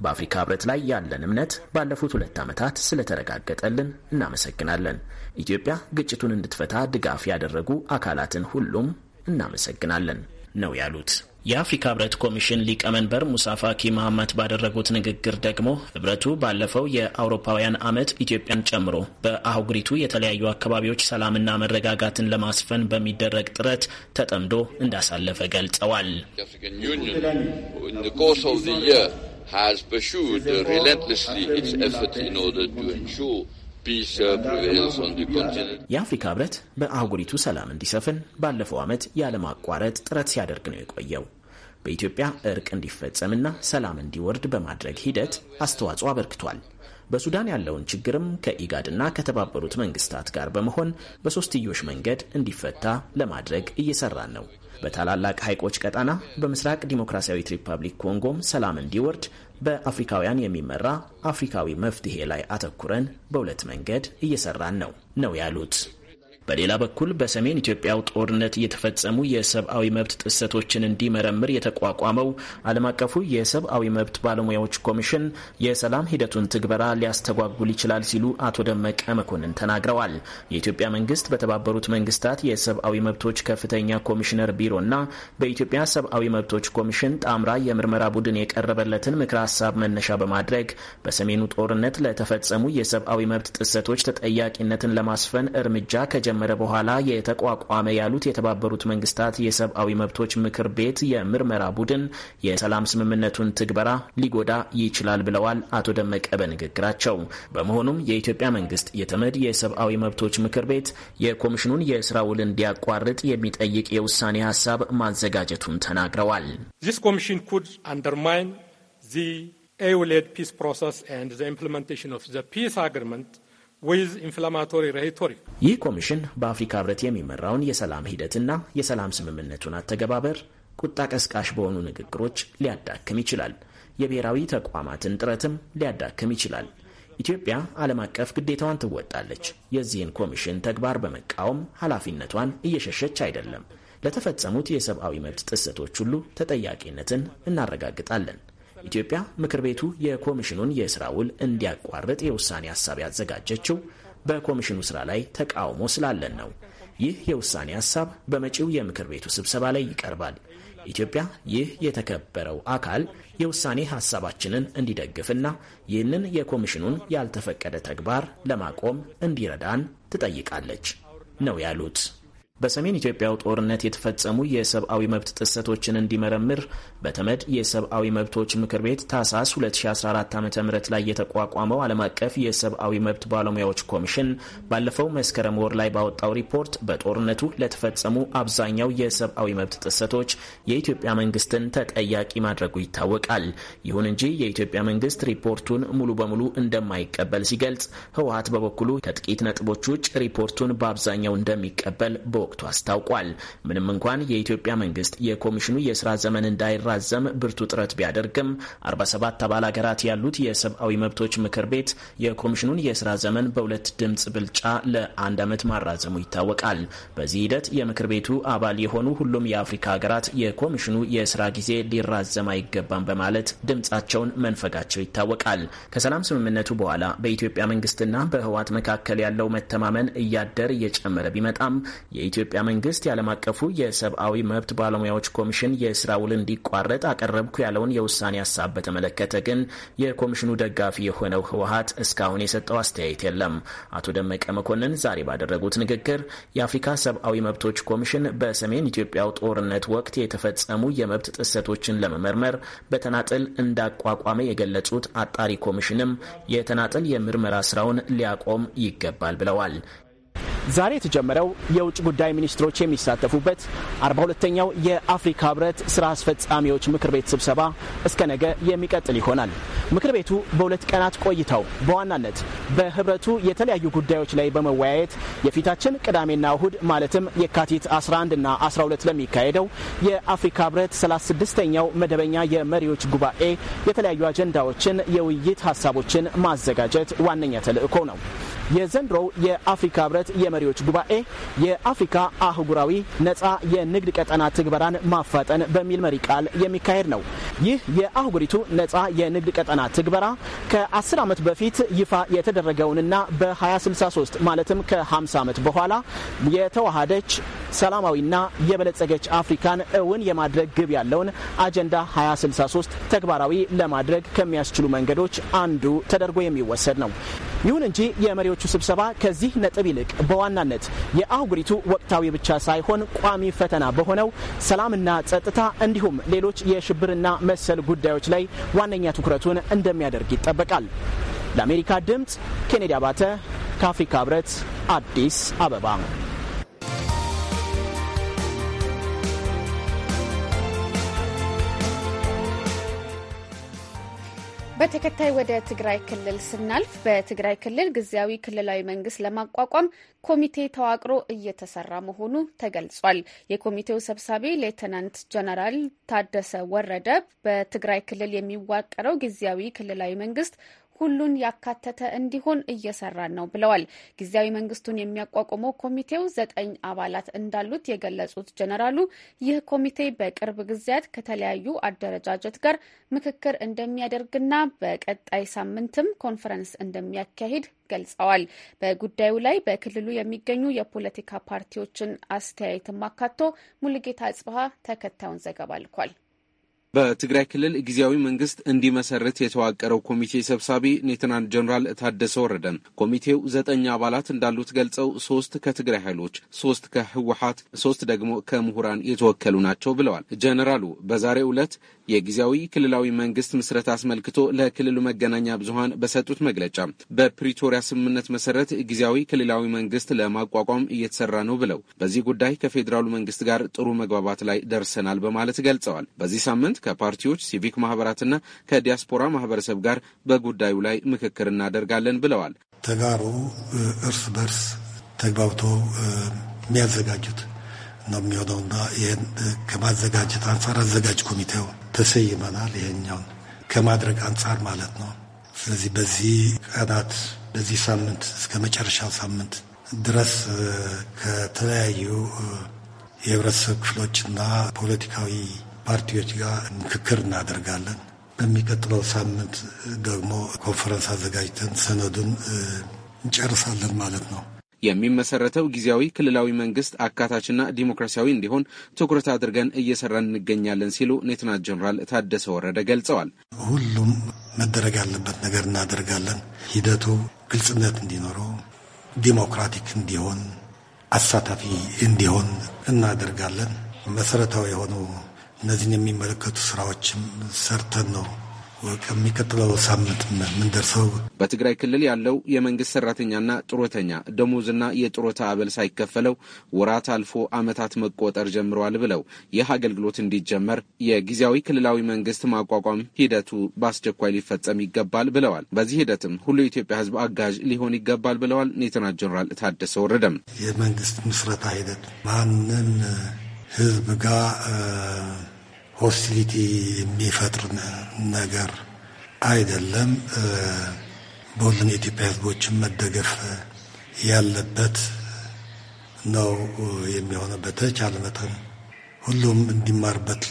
በአፍሪካ ህብረት ላይ ያለን እምነት ባለፉት ሁለት ዓመታት ስለተረጋገጠልን እናመሰግናለን። ኢትዮጵያ ግጭቱን እንድትፈታ ድጋፍ ያደረጉ አካላትን ሁሉም እናመሰግናለን ነው ያሉት። የአፍሪካ ህብረት ኮሚሽን ሊቀመንበር ሙሳ ፋኪ መሐማት ባደረጉት ንግግር ደግሞ ህብረቱ ባለፈው የአውሮፓውያን ዓመት ኢትዮጵያን ጨምሮ በአህጉሪቱ የተለያዩ አካባቢዎች ሰላምና መረጋጋትን ለማስፈን በሚደረግ ጥረት ተጠምዶ እንዳሳለፈ ገልጸዋል። የአፍሪካ ህብረት በአህጉሪቱ ሰላም እንዲሰፍን ባለፈው ዓመት ያለማቋረጥ ጥረት ሲያደርግ ነው የቆየው። በኢትዮጵያ እርቅ እንዲፈጸምና ሰላም እንዲወርድ በማድረግ ሂደት አስተዋጽኦ አበርክቷል። በሱዳን ያለውን ችግርም ከኢጋድና ከተባበሩት መንግስታት ጋር በመሆን በሶስትዮሽ መንገድ እንዲፈታ ለማድረግ እየሰራን ነው። በታላላቅ ሐይቆች ቀጣና በምስራቅ ዲሞክራሲያዊት ሪፐብሊክ ኮንጎም ሰላም እንዲወርድ በአፍሪካውያን የሚመራ አፍሪካዊ መፍትሄ ላይ አተኩረን በሁለት መንገድ እየሰራን ነው ነው ያሉት። በሌላ በኩል በሰሜን ኢትዮጵያው ጦርነት እየተፈጸሙ የሰብአዊ መብት ጥሰቶችን እንዲመረምር የተቋቋመው ዓለም አቀፉ የሰብአዊ መብት ባለሙያዎች ኮሚሽን የሰላም ሂደቱን ትግበራ ሊያስተጓጉል ይችላል ሲሉ አቶ ደመቀ መኮንን ተናግረዋል። የኢትዮጵያ መንግስት በተባበሩት መንግስታት የሰብአዊ መብቶች ከፍተኛ ኮሚሽነር ቢሮና በኢትዮጵያ ሰብአዊ መብቶች ኮሚሽን ጣምራ የምርመራ ቡድን የቀረበለትን ምክረ ሀሳብ መነሻ በማድረግ በሰሜኑ ጦርነት ለተፈጸሙ የሰብአዊ መብት ጥሰቶች ተጠያቂነትን ለማስፈን እርምጃ ከጀመ ከተጀመረ በኋላ የተቋቋመ ያሉት የተባበሩት መንግስታት የሰብአዊ መብቶች ምክር ቤት የምርመራ ቡድን የሰላም ስምምነቱን ትግበራ ሊጎዳ ይችላል ብለዋል አቶ ደመቀ በንግግራቸው። በመሆኑም የኢትዮጵያ መንግስት የተመድ የሰብአዊ መብቶች ምክር ቤት የኮሚሽኑን የስራ ውል እንዲያቋርጥ የሚጠይቅ የውሳኔ ሀሳብ ማዘጋጀቱን ተናግረዋል። ዚስ ኮሚሽን ኩድ አንደርማይን ዚ ኤዩ ሌድ ፒስ ፕሮሰስ ኤንድ ዘ ኦፍ ዘ ፒስ አግሪመንት ዊዝ ኢንፍላማቶሪ ሬቶሪክ። ይህ ኮሚሽን በአፍሪካ ህብረት የሚመራውን የሰላም ሂደትና የሰላም ስምምነቱን አተገባበር ቁጣ ቀስቃሽ በሆኑ ንግግሮች ሊያዳክም ይችላል። የብሔራዊ ተቋማትን ጥረትም ሊያዳክም ይችላል። ኢትዮጵያ ዓለም አቀፍ ግዴታዋን ትወጣለች። የዚህን ኮሚሽን ተግባር በመቃወም ኃላፊነቷን እየሸሸች አይደለም። ለተፈጸሙት የሰብአዊ መብት ጥሰቶች ሁሉ ተጠያቂነትን እናረጋግጣለን። ኢትዮጵያ ምክር ቤቱ የኮሚሽኑን የስራ ውል እንዲያቋርጥ የውሳኔ ሀሳብ ያዘጋጀችው በኮሚሽኑ ስራ ላይ ተቃውሞ ስላለን ነው። ይህ የውሳኔ ሀሳብ በመጪው የምክር ቤቱ ስብሰባ ላይ ይቀርባል። ኢትዮጵያ ይህ የተከበረው አካል የውሳኔ ሀሳባችንን እንዲደግፍና ይህንን የኮሚሽኑን ያልተፈቀደ ተግባር ለማቆም እንዲረዳን ትጠይቃለች ነው ያሉት። በሰሜን ኢትዮጵያው ጦርነት የተፈጸሙ የሰብአዊ መብት ጥሰቶችን እንዲመረምር በተመድ የሰብአዊ መብቶች ምክር ቤት ታህሳስ 2014 ዓ ም ላይ የተቋቋመው ዓለም አቀፍ የሰብአዊ መብት ባለሙያዎች ኮሚሽን ባለፈው መስከረም ወር ላይ ባወጣው ሪፖርት በጦርነቱ ለተፈጸሙ አብዛኛው የሰብአዊ መብት ጥሰቶች የኢትዮጵያ መንግስትን ተጠያቂ ማድረጉ ይታወቃል። ይሁን እንጂ የኢትዮጵያ መንግስት ሪፖርቱን ሙሉ በሙሉ እንደማይቀበል ሲገልጽ፣ ህወሀት በበኩሉ ከጥቂት ነጥቦች ውጭ ሪፖርቱን በአብዛኛው እንደሚቀበል በ በወቅቱ አስታውቋል። ምንም እንኳን የኢትዮጵያ መንግስት የኮሚሽኑ የስራ ዘመን እንዳይራዘም ብርቱ ጥረት ቢያደርግም 47 አባል ሀገራት ያሉት የሰብአዊ መብቶች ምክር ቤት የኮሚሽኑን የስራ ዘመን በሁለት ድምፅ ብልጫ ለአንድ ዓመት ማራዘሙ ይታወቃል። በዚህ ሂደት የምክር ቤቱ አባል የሆኑ ሁሉም የአፍሪካ ሀገራት የኮሚሽኑ የስራ ጊዜ ሊራዘም አይገባም በማለት ድምፃቸውን መንፈጋቸው ይታወቃል። ከሰላም ስምምነቱ በኋላ በኢትዮጵያ መንግስትና በህወሓት መካከል ያለው መተማመን እያደር እየጨመረ ቢመጣም የኢትዮጵያ መንግስት የዓለም አቀፉ የሰብአዊ መብት ባለሙያዎች ኮሚሽን የስራ ውል እንዲቋረጥ አቀረብኩ ያለውን የውሳኔ ሀሳብ በተመለከተ ግን የኮሚሽኑ ደጋፊ የሆነው ህወሀት እስካሁን የሰጠው አስተያየት የለም። አቶ ደመቀ መኮንን ዛሬ ባደረጉት ንግግር የአፍሪካ ሰብአዊ መብቶች ኮሚሽን በሰሜን ኢትዮጵያው ጦርነት ወቅት የተፈጸሙ የመብት ጥሰቶችን ለመመርመር በተናጠል እንዳቋቋመ የገለጹት አጣሪ ኮሚሽንም የተናጠል የምርመራ ስራውን ሊያቆም ይገባል ብለዋል። ዛሬ የተጀመረው የውጭ ጉዳይ ሚኒስትሮች የሚሳተፉበት 42 ሁለተኛው የአፍሪካ ህብረት ስራ አስፈጻሚዎች ምክር ቤት ስብሰባ እስከ ነገ የሚቀጥል ይሆናል። ምክር ቤቱ በሁለት ቀናት ቆይታው በዋናነት በህብረቱ የተለያዩ ጉዳዮች ላይ በመወያየት የፊታችን ቅዳሜና እሁድ ማለትም የካቲት 11ና 12 ለሚካሄደው የአፍሪካ ህብረት 36ኛው መደበኛ የመሪዎች ጉባኤ የተለያዩ አጀንዳዎችን፣ የውይይት ሀሳቦችን ማዘጋጀት ዋነኛ ተልዕኮ ነው። የዘንድሮው የአፍሪካ ህብረት የመሪዎች ጉባኤ የአፍሪካ አህጉራዊ ነጻ የንግድ ቀጠና ትግበራን ማፋጠን በሚል መሪ ቃል የሚካሄድ ነው። ይህ የአህጉሪቱ ነጻ የንግድ ቀጠና ትግበራ ከ10 ዓመት በፊት ይፋ የተደረገውንና በ2063 ማለትም ከ50 ዓመት በኋላ የተዋሃደች ሰላማዊና የበለጸገች አፍሪካን እውን የማድረግ ግብ ያለውን አጀንዳ 2063 ተግባራዊ ለማድረግ ከሚያስችሉ መንገዶች አንዱ ተደርጎ የሚወሰድ ነው። ይሁን እንጂ የመሪዎቹ ስብሰባ ከዚህ ነጥብ ይልቅ በዋናነት የአህጉሪቱ ወቅታዊ ብቻ ሳይሆን ቋሚ ፈተና በሆነው ሰላምና ጸጥታ እንዲሁም ሌሎች የሽብርና መሰል ጉዳዮች ላይ ዋነኛ ትኩረቱን እንደሚያደርግ ይጠበቃል። ለአሜሪካ ድምፅ ኬኔዲ አባተ ከአፍሪካ ህብረት አዲስ አበባ በተከታይ ወደ ትግራይ ክልል ስናልፍ በትግራይ ክልል ጊዜያዊ ክልላዊ መንግስት ለማቋቋም ኮሚቴ ተዋቅሮ እየተሰራ መሆኑ ተገልጿል። የኮሚቴው ሰብሳቢ ሌተናንት ጀነራል ታደሰ ወረደ በትግራይ ክልል የሚዋቀረው ጊዜያዊ ክልላዊ መንግስት ሁሉን ያካተተ እንዲሆን እየሰራን ነው ብለዋል። ጊዜያዊ መንግስቱን የሚያቋቁመው ኮሚቴው ዘጠኝ አባላት እንዳሉት የገለጹት ጀነራሉ ይህ ኮሚቴ በቅርብ ጊዜያት ከተለያዩ አደረጃጀት ጋር ምክክር እንደሚያደርግና በቀጣይ ሳምንትም ኮንፈረንስ እንደሚያካሂድ ገልጸዋል። በጉዳዩ ላይ በክልሉ የሚገኙ የፖለቲካ ፓርቲዎችን አስተያየትም አካቶ ሙልጌታ ጽብሃ ተከታዩን ዘገባ ልኳል። በትግራይ ክልል ጊዜያዊ መንግስት እንዲመሰርት የተዋቀረው ኮሚቴ ሰብሳቢ ሌተናንት ጀኔራል ታደሰ ወረደ ኮሚቴው ዘጠኝ አባላት እንዳሉት ገልጸው ሶስት ከትግራይ ኃይሎች፣ ሶስት ከህወሀት፣ ሶስት ደግሞ ከምሁራን የተወከሉ ናቸው ብለዋል። ጀኔራሉ በዛሬው ዕለት የጊዜያዊ ክልላዊ መንግስት ምስረት አስመልክቶ ለክልሉ መገናኛ ብዙሀን በሰጡት መግለጫ በፕሪቶሪያ ስምምነት መሰረት ጊዜያዊ ክልላዊ መንግስት ለማቋቋም እየተሰራ ነው ብለው በዚህ ጉዳይ ከፌዴራሉ መንግስት ጋር ጥሩ መግባባት ላይ ደርሰናል በማለት ገልጸዋል። በዚህ ሳምንት ከፓርቲዎች ሲቪክ ማህበራትና ከዲያስፖራ ማህበረሰብ ጋር በጉዳዩ ላይ ምክክር እናደርጋለን ብለዋል። ተጋሩ እርስ በርስ ተግባብቶ የሚያዘጋጁት ነው የሚሆነው እና ይህን ከማዘጋጀት አንጻር አዘጋጅ ኮሚቴው ተሰይመናል። ይሄኛውን ከማድረግ አንጻር ማለት ነው። ስለዚህ በዚህ ቀናት በዚህ ሳምንት እስከ መጨረሻው ሳምንት ድረስ ከተለያዩ የህብረተሰብ ክፍሎችና ፖለቲካዊ ፓርቲዎች ጋር ምክክር እናደርጋለን። በሚቀጥለው ሳምንት ደግሞ ኮንፈረንስ አዘጋጅተን ሰነዱን እንጨርሳለን ማለት ነው። የሚመሰረተው ጊዜያዊ ክልላዊ መንግስት አካታችና ዲሞክራሲያዊ እንዲሆን ትኩረት አድርገን እየሰራን እንገኛለን ሲሉ ኔትናት ጀኔራል ታደሰ ወረደ ገልጸዋል። ሁሉም መደረግ ያለበት ነገር እናደርጋለን። ሂደቱ ግልጽነት እንዲኖረው፣ ዲሞክራቲክ እንዲሆን፣ አሳታፊ እንዲሆን እናደርጋለን። መሰረታዊ የሆኑ እነዚህን የሚመለከቱ ስራዎችም ሰርተን ነው ከሚቀጥለው ሳምንት የምንደርሰው በትግራይ ክልል ያለው የመንግስት ሰራተኛና ጡረተኛ ደሞዝና የጡረታ አበል ሳይከፈለው ወራት አልፎ አመታት መቆጠር ጀምረዋል ብለው ይህ አገልግሎት እንዲጀመር የጊዜያዊ ክልላዊ መንግስት ማቋቋም ሂደቱ በአስቸኳይ ሊፈጸም ይገባል ብለዋል። በዚህ ሂደትም ሁሉ የኢትዮጵያ ህዝብ አጋዥ ሊሆን ይገባል ብለዋል። ኔትና ጀኔራል ታደሰ ወረደም የመንግስት ምስረታ ሂደት ማንም ህዝብ ጋር ሆስቲሊቲ የሚፈጥር ነገር አይደለም። በሁሉም የኢትዮጵያ ህዝቦችን መደገፍ ያለበት ነው የሚሆነው። በተቻለ መጠን ሁሉም እንዲማርበት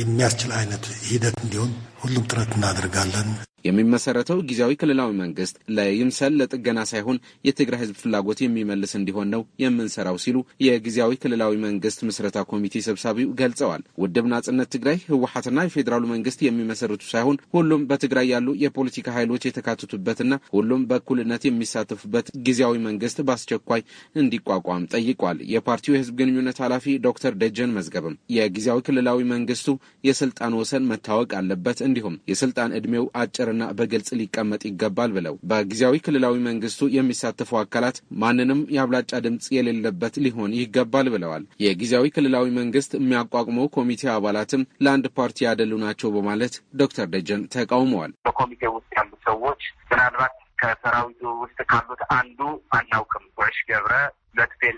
የሚያስችል አይነት ሂደት እንዲሆን ሁሉም ጥረት እናደርጋለን። የሚመሰረተው ጊዜያዊ ክልላዊ መንግስት ለይምሰል ለጥገና ሳይሆን የትግራይ ህዝብ ፍላጎት የሚመልስ እንዲሆን ነው የምንሰራው ሲሉ የጊዜያዊ ክልላዊ መንግስት ምስረታ ኮሚቴ ሰብሳቢው ገልጸዋል። ውድብ ናጽነት ትግራይ ህወሓትና የፌዴራሉ መንግስት የሚመሰርቱ ሳይሆን ሁሉም በትግራይ ያሉ የፖለቲካ ኃይሎች የተካተቱበትና ሁሉም በእኩልነት የሚሳተፉበት ጊዜያዊ መንግስት በአስቸኳይ እንዲቋቋም ጠይቋል። የፓርቲው የህዝብ ግንኙነት ኃላፊ ዶክተር ደጀን መዝገብም የጊዜያዊ ክልላዊ መንግስቱ የስልጣን ወሰን መታወቅ አለበት፣ እንዲሁም የስልጣን ዕድሜው አጭር በተግባርና በግልጽ ሊቀመጥ ይገባል ብለው በጊዜያዊ ክልላዊ መንግስቱ የሚሳተፉ አካላት ማንንም የአብላጫ ድምፅ የሌለበት ሊሆን ይገባል ብለዋል። የጊዜያዊ ክልላዊ መንግስት የሚያቋቁመው ኮሚቴ አባላትም ለአንድ ፓርቲ ያደሉ ናቸው በማለት ዶክተር ደጀን ተቃውመዋል። በኮሚቴ ውስጥ ያሉ ሰዎች ምናልባት ከሰራዊቱ ውስጥ ካሉት አንዱ አናውቅም ወሽ ገብረ ለትፌል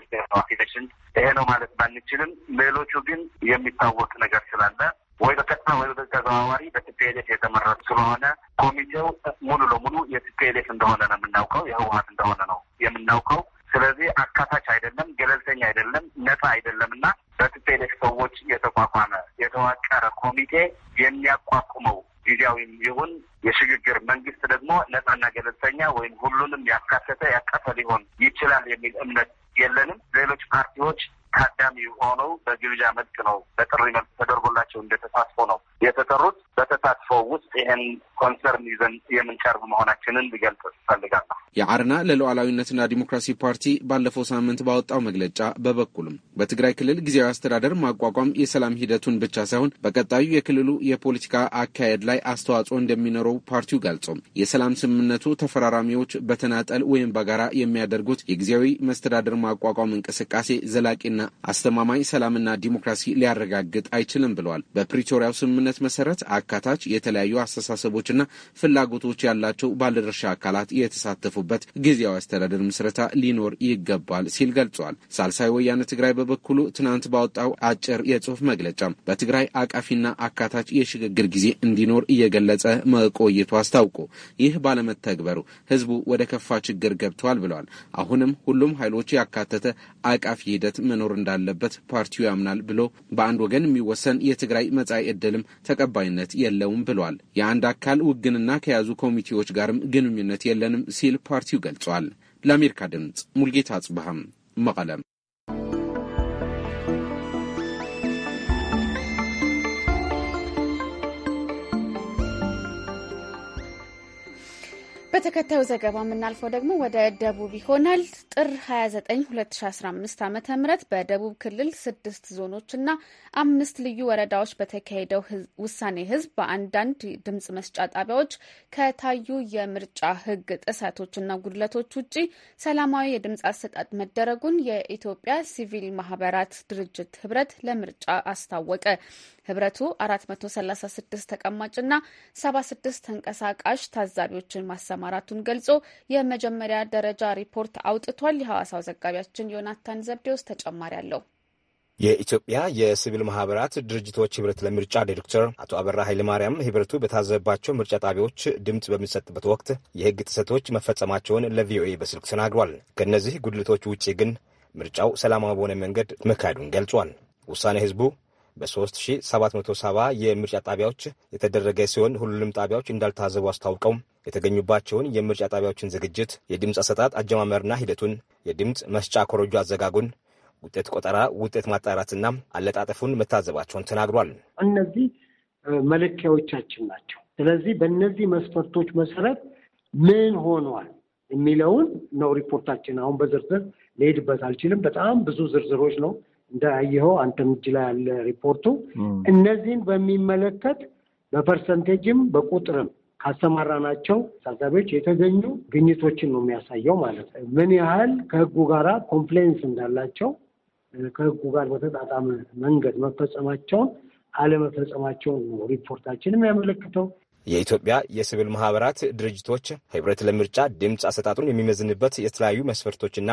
ይሄ ነው ማለት ባንችልም፣ ሌሎቹ ግን የሚታወቅ ነገር ስላለ ወይ በቀጥታ ወይ በተዘዋዋሪ በቲፒኤልኤፍ የተመረጡ ስለሆነ ኮሚቴው ሙሉ ለሙሉ የቲፒኤልኤፍ እንደሆነ ነው የምናውቀው፣ የህወሀት እንደሆነ ነው የምናውቀው። ስለዚህ አካታች አይደለም፣ ገለልተኛ አይደለም፣ ነፃ አይደለም እና በቲፒኤልኤፍ ሰዎች የተቋቋመ የተዋቀረ ኮሚቴ የሚያቋቁመው ጊዜያዊም ይሁን የሽግግር መንግስት ደግሞ ነፃና ገለልተኛ ወይም ሁሉንም ያካተተ ያቀፈ ሊሆን ይችላል የሚል እምነት የለንም። ሌሎች ፓርቲዎች ታዳሚ ሆነው በግብዣ መልክ ነው በጥሪ መልክ ተደርጎላቸው እንደ ተሳትፎ ነው የተጠሩት። በተሳትፎ ውስጥ ይህን ኮንሰርን ይዘን የምንቀርብ መሆናችንን ሊገልጽ ፈልጋለሁ። የአርና ለሉዓላዊነትና ዲሞክራሲ ፓርቲ ባለፈው ሳምንት ባወጣው መግለጫ በበኩልም በትግራይ ክልል ጊዜያዊ አስተዳደር ማቋቋም የሰላም ሂደቱን ብቻ ሳይሆን በቀጣዩ የክልሉ የፖለቲካ አካሄድ ላይ አስተዋጽኦ እንደሚኖረው ፓርቲው ገልጾም የሰላም ስምምነቱ ተፈራራሚዎች በተናጠል ወይም በጋራ የሚያደርጉት የጊዜያዊ መስተዳደር ማቋቋም እንቅስቃሴ ዘላቂና አስተማማኝ ሰላምና ዲሞክራሲ ሊያረጋግጥ አይችልም ብለዋል። በፕሪቶሪያው ስምምነት መሰረት አካታች የተለያዩ አስተሳሰቦችና ፍላጎቶች ያላቸው ባለድርሻ አካላት የተሳተፉበት ጊዜያዊ አስተዳደር ምስረታ ሊኖር ይገባል ሲል ገልጿል። ሳልሳይ ወያነ ትግራይ በበኩሉ ትናንት ባወጣው አጭር የጽሁፍ መግለጫ በትግራይ አቃፊና አካታች የሽግግር ጊዜ እንዲኖር እየገለጸ መቆየቱ አስታውቆ ይህ ባለመተግበሩ ህዝቡ ወደ ከፋ ችግር ገብተዋል ብለዋል። አሁንም ሁሉም ኃይሎች ያካተተ አቃፊ ሂደት መኖር እንዳለበት ፓርቲው ያምናል ብሎ በአንድ ወገን የሚወሰን የትግራይ መጻኢ ዕድልም ተቀባይነት የለውም ብሏል። የአንድ አካል ውግንና ከያዙ ኮሚቴዎች ጋርም ግንኙነት የለንም ሲል ፓርቲው ገልጿል። ለአሜሪካ ድምፅ ሙልጌታ አጽብሃም መቀለም በተከታዩ ዘገባ የምናልፈው ደግሞ ወደ ደቡብ ይሆናል። ጥር 29 2015 ዓ ም በደቡብ ክልል ስድስት ዞኖችና አምስት ልዩ ወረዳዎች በተካሄደው ውሳኔ ህዝብ በአንዳንድ ድምፅ መስጫ ጣቢያዎች ከታዩ የምርጫ ህግ ጥሰቶችና ጉድለቶች ውጪ ሰላማዊ የድምፅ አሰጣጥ መደረጉን የኢትዮጵያ ሲቪል ማህበራት ድርጅት ህብረት ለምርጫ አስታወቀ። ህብረቱ 436 ተቀማጭና 76 ተንቀሳቃሽ ታዛቢዎችን ማሰማ ማማራቱን ገልጾ የመጀመሪያ ደረጃ ሪፖርት አውጥቷል። የሐዋሳው ዘጋቢያችን ዮናታን ዘብዴውስ ተጨማሪ አለው። የኢትዮጵያ የሲቪል ማህበራት ድርጅቶች ህብረት ለምርጫ ዳይሬክተር አቶ አበራ ኃይለማርያም ህብረቱ በታዘበባቸው ምርጫ ጣቢያዎች ድምፅ በሚሰጥበት ወቅት የህግ ጥሰቶች መፈጸማቸውን ለቪኦኤ በስልክ ተናግሯል። ከእነዚህ ጉድለቶች ውጭ ግን ምርጫው ሰላማዊ በሆነ መንገድ መካሄዱን ገልጿል። ውሳኔ ህዝቡ በ3770 የምርጫ ጣቢያዎች የተደረገ ሲሆን ሁሉንም ጣቢያዎች እንዳልታዘቡ አስታውቀው የተገኙባቸውን የምርጫ ጣቢያዎችን ዝግጅት፣ የድምፅ አሰጣጥ አጀማመርና ሂደቱን፣ የድምፅ መስጫ ኮረጆ አዘጋጉን ውጤት ቆጠራ፣ ውጤት ማጣራትና አለጣጠፉን መታዘባቸውን ተናግሯል። እነዚህ መለኪያዎቻችን ናቸው። ስለዚህ በእነዚህ መስፈርቶች መሰረት ምን ሆኗል የሚለውን ነው ሪፖርታችን። አሁን በዝርዝር ልሄድበት አልችልም። በጣም ብዙ ዝርዝሮች ነው እንዳየኸው አንተም እጅ ላይ ያለ ሪፖርቱ እነዚህን በሚመለከት በፐርሰንቴጅም በቁጥርም ካሰማራ ናቸው ታዛቢዎች የተገኙ ግኝቶችን ነው የሚያሳየው ማለት ነው። ምን ያህል ከህጉ ጋር ኮምፕሌንስ እንዳላቸው ከህጉ ጋር በተጣጣመ መንገድ መፈጸማቸውን አለመፈጸማቸውን ነው ሪፖርታችን የሚያመለክተው። የኢትዮጵያ የሲቪል ማህበራት ድርጅቶች ህብረት ለምርጫ ድምፅ አሰጣጡን የሚመዝንበት የተለያዩ መስፈርቶችና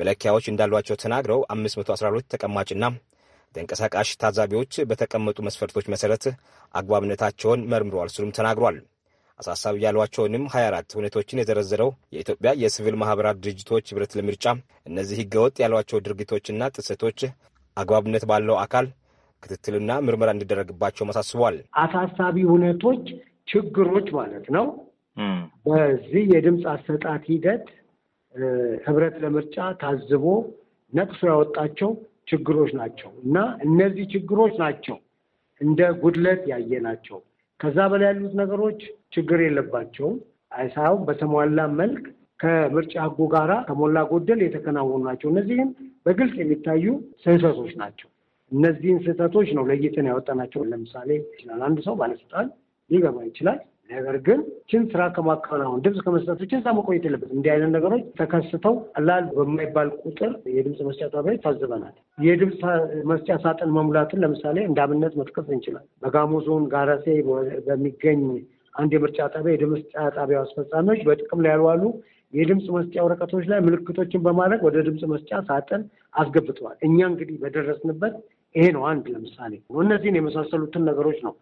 መለኪያዎች እንዳሏቸው ተናግረው 512 ተቀማጭና ተንቀሳቃሽ ታዛቢዎች በተቀመጡ መስፈርቶች መሰረት አግባብነታቸውን መርምረዋል ሲሉም ተናግሯል። አሳሳቢ ያሏቸውንም 24 ሁኔቶችን የዘረዘረው የኢትዮጵያ የሲቪል ማኅበራት ድርጅቶች ኅብረት ለምርጫ እነዚህ ህገወጥ ያሏቸው ድርጊቶችና ጥሰቶች አግባብነት ባለው አካል ክትትልና ምርመራ እንዲደረግባቸው አሳስቧል። አሳሳቢ ሁኔቶች ችግሮች ማለት ነው። በዚህ የድምፅ አሰጣት ሂደት ህብረት ለምርጫ ታዝቦ ነቅሶ ያወጣቸው ችግሮች ናቸው እና እነዚህ ችግሮች ናቸው እንደ ጉድለት ያየ ናቸው። ከዛ በላይ ያሉት ነገሮች ችግር የለባቸውም አይሳው በተሟላ መልክ ከምርጫ ህጉ ጋራ ከሞላ ጎደል የተከናወኑ ናቸው። እነዚህም በግልጽ የሚታዩ ስህተቶች ናቸው። እነዚህን ስህተቶች ነው ለይተን ያወጣናቸው። ለምሳሌ ይችላል አንድ ሰው ባለስልጣን ሊገባ ይችላል ነገር ግን ችን ስራ ከማከናወን ድምፅ ከመስጠት ብቻ እዛ መቆየት የለበትም። እንዲህ አይነት ነገሮች ተከስተው ቀላል በማይባል ቁጥር የድምፅ መስጫ ጣቢያ ታዝበናል። የድምፅ መስጫ ሳጥን መሙላትን ለምሳሌ እንደ አብነት መጥቀስ እንችላል። በጋሞ ዞን ጋራሴ በሚገኝ አንድ የምርጫ ጣቢያ የድምፅ ጣቢያ አስፈጻሚዎች በጥቅም ላይ ያልዋሉ የድምፅ መስጫ ወረቀቶች ላይ ምልክቶችን በማድረግ ወደ ድምፅ መስጫ ሳጥን አስገብተዋል። እኛ እንግዲህ በደረስንበት ይሄ ነው አንድ ለምሳሌ። እነዚህን የመሳሰሉትን ነገሮች ነው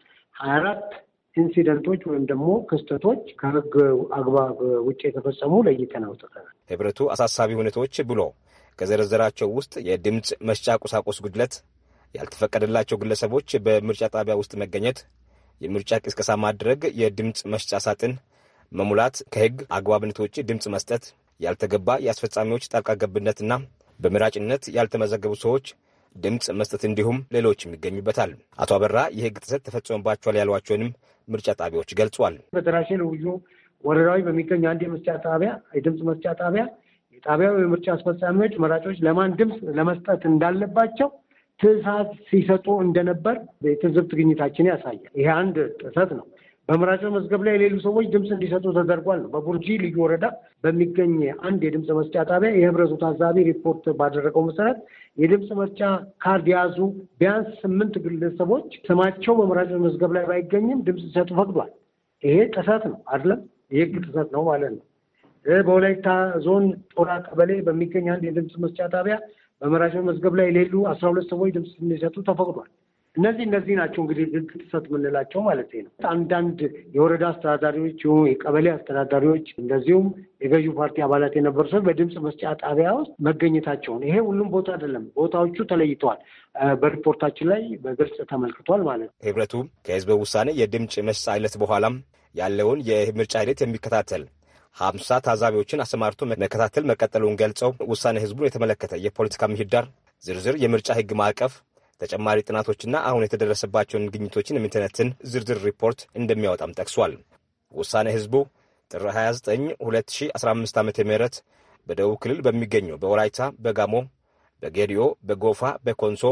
ሀያ አራት ኢንሲደንቶች ወይም ደግሞ ክስተቶች ከህግ አግባብ ውጭ የተፈጸሙ ለይተን አውጥተናል። ህብረቱ አሳሳቢ ሁኔታዎች ብሎ ከዘረዘራቸው ውስጥ የድምፅ መስጫ ቁሳቁስ ጉድለት፣ ያልተፈቀደላቸው ግለሰቦች በምርጫ ጣቢያ ውስጥ መገኘት፣ የምርጫ ቅስቀሳ ማድረግ፣ የድምፅ መስጫ ሳጥን መሙላት፣ ከህግ አግባብነት ውጭ ድምፅ መስጠት፣ ያልተገባ የአስፈጻሚዎች ጣልቃ ገብነትና በመራጭነት ያልተመዘገቡ ሰዎች ድምፅ መስጠት እንዲሁም ሌሎችም ይገኙበታል። አቶ አበራ የህግ ጥሰት ተፈጽሞባቸዋል ያሏቸውንም ምርጫ ጣቢያዎች ገልጿል። በደራሼ ለውዩ ወረዳዊ በሚገኝ አንድ የምርጫ ጣቢያ የድምፅ መስጫ ጣቢያ የጣቢያው የምርጫ አስፈጻሚዎች መራጮች ለማን ድምፅ ለመስጠት እንዳለባቸው ትእዛዝ ሲሰጡ እንደነበር የትዝብ ትግኝታችን ያሳያል። ይሄ አንድ ጥሰት ነው። በመራጭ መዝገብ ላይ የሌሉ ሰዎች ድምፅ እንዲሰጡ ተደርጓል። በቡርጂ ልዩ ወረዳ በሚገኝ አንድ የድምፅ መስጫ ጣቢያ የህብረቱ ታዛቢ ሪፖርት ባደረገው መሰረት የድምፅ መስጫ ካርድ የያዙ ቢያንስ ስምንት ግለሰቦች ስማቸው በመራጭ መዝገብ ላይ ባይገኝም ድምፅ ሲሰጡ ፈቅዷል። ይሄ ጥሰት ነው አይደለም? የህግ ጥሰት ነው ማለት ነው። በወላይታ ዞን ጦራ ቀበሌ በሚገኝ አንድ የድምፅ መስጫ ጣቢያ በመራጭ መዝገብ ላይ የሌሉ አስራ ሁለት ሰዎች ድምፅ እንዲሰጡ ተፈቅዷል። እነዚህ እነዚህ ናቸው እንግዲህ ህግ ጥሰት የምንላቸው ማለት ነው። አንዳንድ የወረዳ አስተዳዳሪዎች፣ የቀበሌ አስተዳዳሪዎች እንደዚሁም የገዢ ፓርቲ አባላት የነበሩ ሰዎች በድምፅ መስጫ ጣቢያ ውስጥ መገኘታቸውን ይሄ ሁሉም ቦታ አይደለም፣ ቦታዎቹ ተለይተዋል። በሪፖርታችን ላይ በግልጽ ተመልክቷል ማለት ነው። ህብረቱ ከህዝበ ውሳኔ የድምፅ መስጫ ዕለት በኋላም ያለውን የምርጫ ሂደት የሚከታተል ሀምሳ ታዛቢዎችን አሰማርቶ መከታተል መቀጠሉን ገልጸው ውሳኔ ህዝቡን የተመለከተ የፖለቲካ ምህዳር ዝርዝር የምርጫ ህግ ማዕቀፍ ተጨማሪ ጥናቶችና አሁን የተደረሰባቸውን ግኝቶችን የሚተነትን ዝርዝር ሪፖርት እንደሚያወጣም ጠቅሷል። ውሳኔ ህዝቡ ጥር 29 2015 ዓ ም በደቡብ ክልል በሚገኙ በወላይታ፣ በጋሞ፣ በጌዲዮ፣ በጎፋ፣ በኮንሶ፣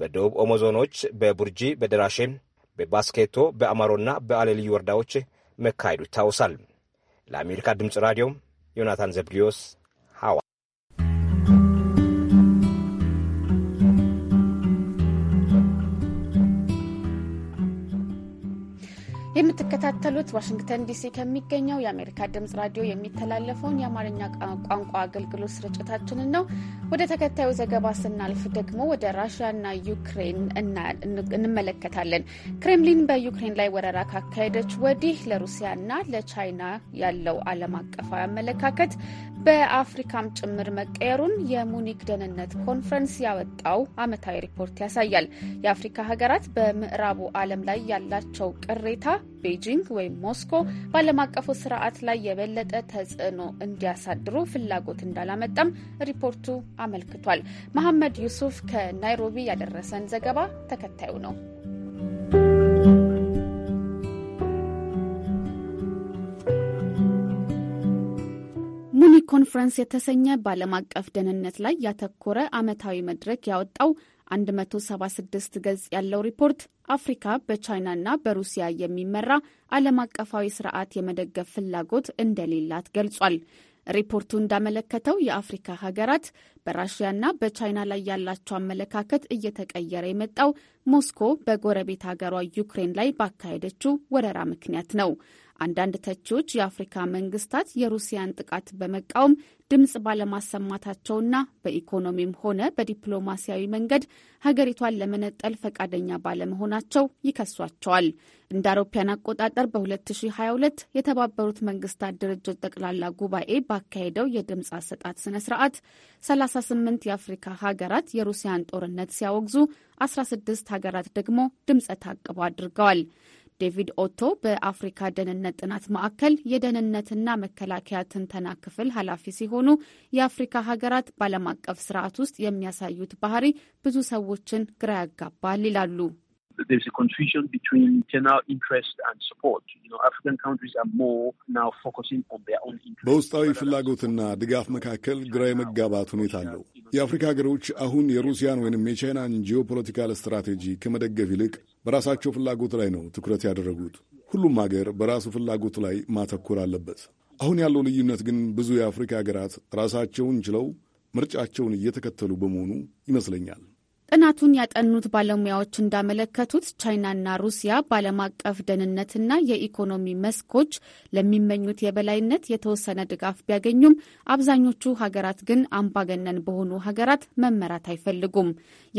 በደቡብ ኦሞ ዞኖች፣ በቡርጂ፣ በደራሼ፣ በባስኬቶ፣ በአማሮና በአሌ ልዩ ወረዳዎች መካሄዱ ይታወሳል። ለአሜሪካ ድምፅ ራዲዮ ዮናታን ዘብዲዮስ የምትከታተሉት ዋሽንግተን ዲሲ ከሚገኘው የአሜሪካ ድምጽ ራዲዮ የሚተላለፈውን የአማርኛ ቋንቋ አገልግሎት ስርጭታችንን ነው። ወደ ተከታዩ ዘገባ ስናልፍ ደግሞ ወደ ራሽያና ዩክሬን እንመለከታለን። ክሬምሊን በዩክሬን ላይ ወረራ ካካሄደች ወዲህ ለሩሲያና ለቻይና ያለው ዓለም አቀፋዊ አመለካከት በአፍሪካም ጭምር መቀየሩን የሙኒክ ደህንነት ኮንፈረንስ ያወጣው ዓመታዊ ሪፖርት ያሳያል። የአፍሪካ ሀገራት በምዕራቡ ዓለም ላይ ያላቸው ቅሬታ ቤጂንግ ወይም ሞስኮ በዓለም አቀፉ ስርዓት ላይ የበለጠ ተጽዕኖ እንዲያሳድሩ ፍላጎት እንዳላመጣም ሪፖርቱ አመልክቷል። መሐመድ ዩሱፍ ከናይሮቢ ያደረሰን ዘገባ ተከታዩ ነው። ሙኒክ ኮንፈረንስ የተሰኘ በዓለም አቀፍ ደህንነት ላይ ያተኮረ ዓመታዊ መድረክ ያወጣው 176 ገጽ ያለው ሪፖርት አፍሪካ በቻይናና በሩሲያ የሚመራ ዓለም አቀፋዊ ስርዓት የመደገፍ ፍላጎት እንደሌላት ገልጿል። ሪፖርቱ እንዳመለከተው የአፍሪካ ሀገራት በራሽያና በቻይና ላይ ያላቸው አመለካከት እየተቀየረ የመጣው ሞስኮ በጎረቤት ሀገሯ ዩክሬን ላይ ባካሄደችው ወረራ ምክንያት ነው። አንዳንድ ተቺዎች የአፍሪካ መንግስታት የሩሲያን ጥቃት በመቃወም ድምፅ ባለማሰማታቸውና በኢኮኖሚም ሆነ በዲፕሎማሲያዊ መንገድ ሀገሪቷን ለመነጠል ፈቃደኛ ባለመሆናቸው ይከሷቸዋል። እንደ አውሮፓውያን አቆጣጠር በ2022 የተባበሩት መንግስታት ድርጅት ጠቅላላ ጉባኤ ባካሄደው የድምፅ አሰጣት ስነ ስርዓት 38 የአፍሪካ ሀገራት የሩሲያን ጦርነት ሲያወግዙ 16 ሀገራት ደግሞ ድምፀ ታቅቦ አድርገዋል። ዴቪድ ኦቶ በአፍሪካ ደህንነት ጥናት ማዕከል የደህንነትና መከላከያ ትንተና ክፍል ኃላፊ ሲሆኑ የአፍሪካ ሀገራት በዓለም አቀፍ ስርዓት ውስጥ የሚያሳዩት ባህሪ ብዙ ሰዎችን ግራ ያጋባል ይላሉ። there's a confusion between internal interest and support. You know, African countries are more now focusing on their own interests. በውስጣዊ ፍላጎትና ድጋፍ መካከል ግራ የመጋባት ሁኔታ አለው። የአፍሪካ ሀገሮች አሁን የሩሲያን ወይንም የቻይናን ጂኦፖለቲካል ስትራቴጂ ከመደገፍ ይልቅ በራሳቸው ፍላጎት ላይ ነው ትኩረት ያደረጉት። ሁሉም ሀገር በራሱ ፍላጎት ላይ ማተኮር አለበት። አሁን ያለው ልዩነት ግን ብዙ የአፍሪካ ሀገራት ራሳቸውን ችለው ምርጫቸውን እየተከተሉ በመሆኑ ይመስለኛል። ጥናቱን ያጠኑት ባለሙያዎች እንዳመለከቱት ቻይናና ሩሲያ በዓለም አቀፍ ደህንነትና የኢኮኖሚ መስኮች ለሚመኙት የበላይነት የተወሰነ ድጋፍ ቢያገኙም አብዛኞቹ ሀገራት ግን አምባገነን በሆኑ ሀገራት መመራት አይፈልጉም።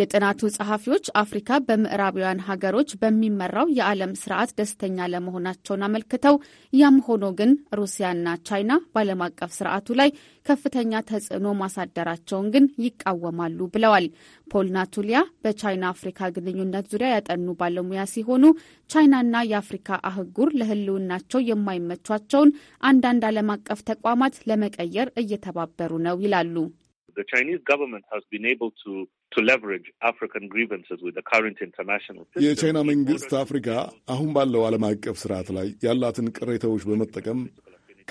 የጥናቱ ጸሐፊዎች አፍሪካ በምዕራባውያን ሀገሮች በሚመራው የዓለም ስርዓት ደስተኛ ለመሆናቸውን አመልክተው ያም ሆኖ ግን ሩሲያና ቻይና በዓለም አቀፍ ስርዓቱ ላይ ከፍተኛ ተጽዕኖ ማሳደራቸውን ግን ይቃወማሉ ብለዋል። ፖል ናቱሊያ በቻይና አፍሪካ ግንኙነት ዙሪያ ያጠኑ ባለሙያ ሲሆኑ ቻይናና የአፍሪካ አህጉር ለሕልውናቸው የማይመቿቸውን አንዳንድ ዓለም አቀፍ ተቋማት ለመቀየር እየተባበሩ ነው ይላሉ። የቻይና መንግስት አፍሪካ አሁን ባለው ዓለም አቀፍ ስርዓት ላይ ያላትን ቅሬታዎች በመጠቀም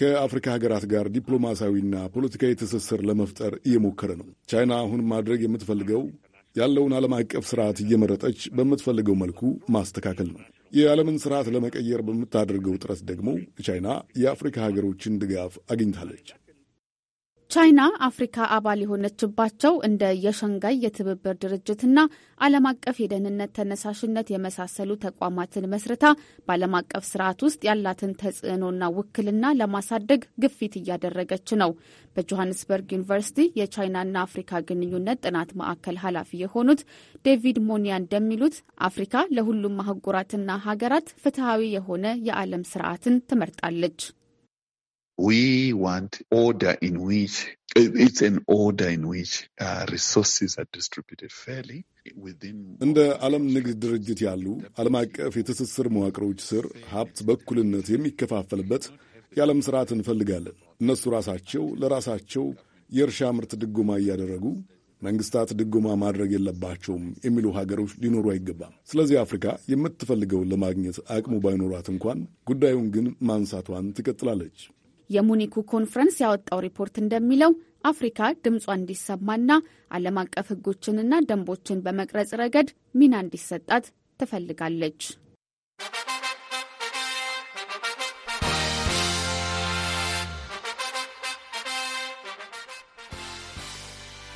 ከአፍሪካ ሀገራት ጋር ዲፕሎማሲያዊና ፖለቲካዊ ትስስር ለመፍጠር እየሞከረ ነው። ቻይና አሁን ማድረግ የምትፈልገው ያለውን ዓለም አቀፍ ስርዓት እየመረጠች በምትፈልገው መልኩ ማስተካከል ነው። የዓለምን ስርዓት ለመቀየር በምታደርገው ጥረት ደግሞ ቻይና የአፍሪካ ሀገሮችን ድጋፍ አግኝታለች። ቻይና አፍሪካ አባል የሆነችባቸው እንደ የሸንጋይ የትብብር ድርጅትና ዓለም አቀፍ የደህንነት ተነሳሽነት የመሳሰሉ ተቋማትን መስርታ በዓለም አቀፍ ስርዓት ውስጥ ያላትን ተጽዕኖና ውክልና ለማሳደግ ግፊት እያደረገች ነው። በጆሃንስበርግ ዩኒቨርሲቲ የቻይናና አፍሪካ ግንኙነት ጥናት ማዕከል ኃላፊ የሆኑት ዴቪድ ሞኒያ እንደሚሉት አፍሪካ ለሁሉም አህጉራትና ሀገራት ፍትሐዊ የሆነ የዓለም ስርዓትን ትመርጣለች። We want order in which it's an order in which uh, resources are distributed fairly. እንደ ዓለም ንግድ ድርጅት ያሉ ዓለም አቀፍ የትስስር መዋቅሮች ስር ሀብት በኩልነት የሚከፋፈልበት የዓለም ስርዓት እንፈልጋለን። እነሱ ራሳቸው ለራሳቸው የእርሻ ምርት ድጎማ እያደረጉ መንግስታት ድጎማ ማድረግ የለባቸውም የሚሉ ሀገሮች ሊኖሩ አይገባም። ስለዚህ አፍሪካ የምትፈልገውን ለማግኘት አቅሙ ባይኖሯት እንኳን ጉዳዩን ግን ማንሳቷን ትቀጥላለች። የሙኒኩ ኮንፈረንስ ያወጣው ሪፖርት እንደሚለው አፍሪካ ድምጿ እንዲሰማና ዓለም አቀፍ ሕጎችንና ደንቦችን በመቅረጽ ረገድ ሚና እንዲሰጣት ትፈልጋለች።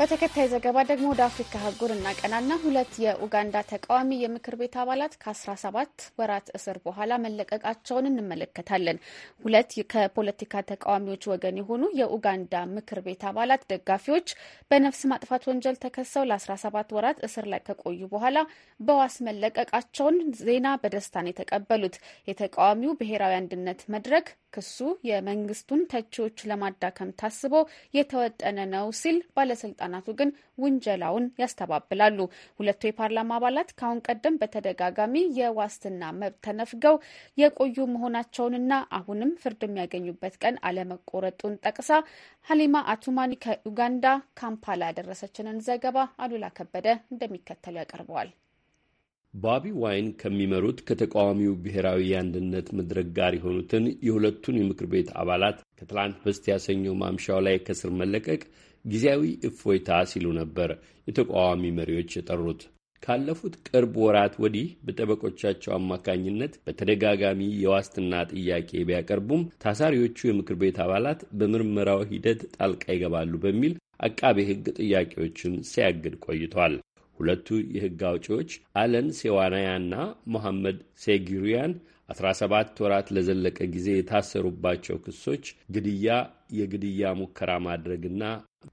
በተከታይ ዘገባ ደግሞ ወደ አፍሪካ አህጉር እናቀናና ሁለት የኡጋንዳ ተቃዋሚ የምክር ቤት አባላት ከ17 ወራት እስር በኋላ መለቀቃቸውን እንመለከታለን። ሁለት ከፖለቲካ ተቃዋሚዎች ወገን የሆኑ የኡጋንዳ ምክር ቤት አባላት ደጋፊዎች በነፍስ ማጥፋት ወንጀል ተከሰው ለ17 ወራት እስር ላይ ከቆዩ በኋላ በዋስ መለቀቃቸውን ዜና በደስታን የተቀበሉት የተቃዋሚው ብሔራዊ አንድነት መድረክ ክሱ የመንግስቱን ተቺዎች ለማዳከም ታስቦ የተወጠነ ነው ሲል ባለስልጣናት ባለስልጣናቱ ግን ውንጀላውን ያስተባብላሉ። ሁለቱ የፓርላማ አባላት ከአሁን ቀደም በተደጋጋሚ የዋስትና መብት ተነፍገው የቆዩ መሆናቸውንና አሁንም ፍርድ የሚያገኙበት ቀን አለመቆረጡን ጠቅሳ ሀሊማ አቱማኒ ከዩጋንዳ ካምፓላ ያደረሰችንን ዘገባ አሉላ ከበደ እንደሚከተሉ ያቀርበዋል። ባቢ ዋይን ከሚመሩት ከተቃዋሚው ብሔራዊ የአንድነት መድረክ ጋር የሆኑትን የሁለቱን የምክር ቤት አባላት ከትላንት በስቲያ ሰኞ ማምሻው ላይ ከስር መለቀቅ ጊዜያዊ እፎይታ ሲሉ ነበር የተቃዋሚ መሪዎች የጠሩት። ካለፉት ቅርብ ወራት ወዲህ በጠበቆቻቸው አማካኝነት በተደጋጋሚ የዋስትና ጥያቄ ቢያቀርቡም ታሳሪዎቹ የምክር ቤት አባላት በምርመራው ሂደት ጣልቃ ይገባሉ በሚል አቃቤ ሕግ ጥያቄዎችን ሲያግድ ቆይቷል። ሁለቱ የሕግ አውጪዎች አለን ሴዋናያና ሞሐመድ ሴጊሪያን 17 ወራት ለዘለቀ ጊዜ የታሰሩባቸው ክሶች ግድያ፣ የግድያ ሙከራ ማድረግና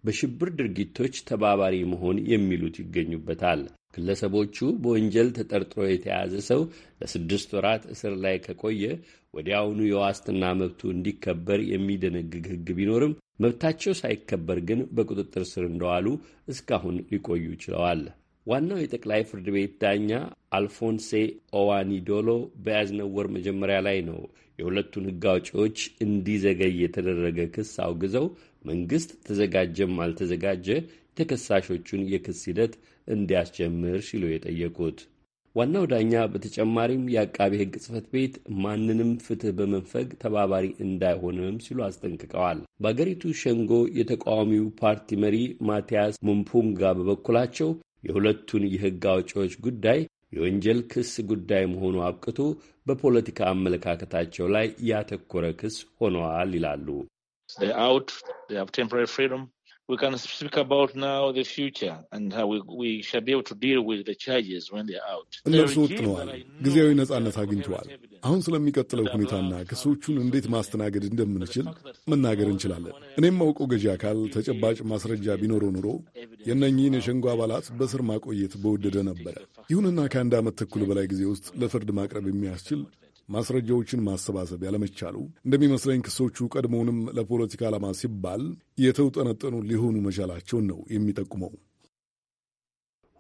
በሽብር ድርጊቶች ተባባሪ መሆን የሚሉት ይገኙበታል። ግለሰቦቹ በወንጀል ተጠርጥሮ የተያዘ ሰው ለስድስት ወራት እስር ላይ ከቆየ ወዲያውኑ የዋስትና መብቱ እንዲከበር የሚደነግግ ሕግ ቢኖርም መብታቸው ሳይከበር ግን በቁጥጥር ስር እንደዋሉ እስካሁን ሊቆዩ ችለዋል። ዋናው የጠቅላይ ፍርድ ቤት ዳኛ አልፎንሴ ኦዋኒዶሎ በያዝነው ወር መጀመሪያ ላይ ነው የሁለቱን ሕግ አውጪዎች እንዲዘገይ የተደረገ ክስ አውግዘው መንግስት ተዘጋጀም አልተዘጋጀ የተከሳሾቹን የክስ ሂደት እንዲያስጀምር ሲሉ የጠየቁት። ዋናው ዳኛ በተጨማሪም የአቃቤ ሕግ ጽፈት ቤት ማንንም ፍትህ በመንፈግ ተባባሪ እንዳይሆንም ሲሉ አስጠንቅቀዋል። በአገሪቱ ሸንጎ የተቃዋሚው ፓርቲ መሪ ማቲያስ ሙምፑንጋ በበኩላቸው የሁለቱን የሕግ አውጪዎች ጉዳይ የወንጀል ክስ ጉዳይ መሆኑ አብቅቶ በፖለቲካ አመለካከታቸው ላይ ያተኮረ ክስ ሆነዋል ይላሉ። we can speak about now the future and how we, we shall be able to deal with the charges when they're out. እነርሱ ወጥነዋል፣ ጊዜያዊ ነጻነት አግኝተዋል። አሁን ስለሚቀጥለው ሁኔታና ክሶቹን እንዴት ማስተናገድ እንደምንችል መናገር እንችላለን። እኔም አውቀው ገዢ አካል ተጨባጭ ማስረጃ ቢኖረው ኑሮ የእነኚህን የሸንጎ አባላት በስር ማቆየት በወደደ ነበረ። ይሁንና ከአንድ ዓመት ተኩል በላይ ጊዜ ውስጥ ለፍርድ ማቅረብ የሚያስችል ማስረጃዎችን ማሰባሰብ ያለመቻሉ እንደሚመስለኝ ክሶቹ ቀድሞውንም ለፖለቲካ ዓላማ ሲባል የተውጠነጠኑ ሊሆኑ መቻላቸውን ነው የሚጠቁመው።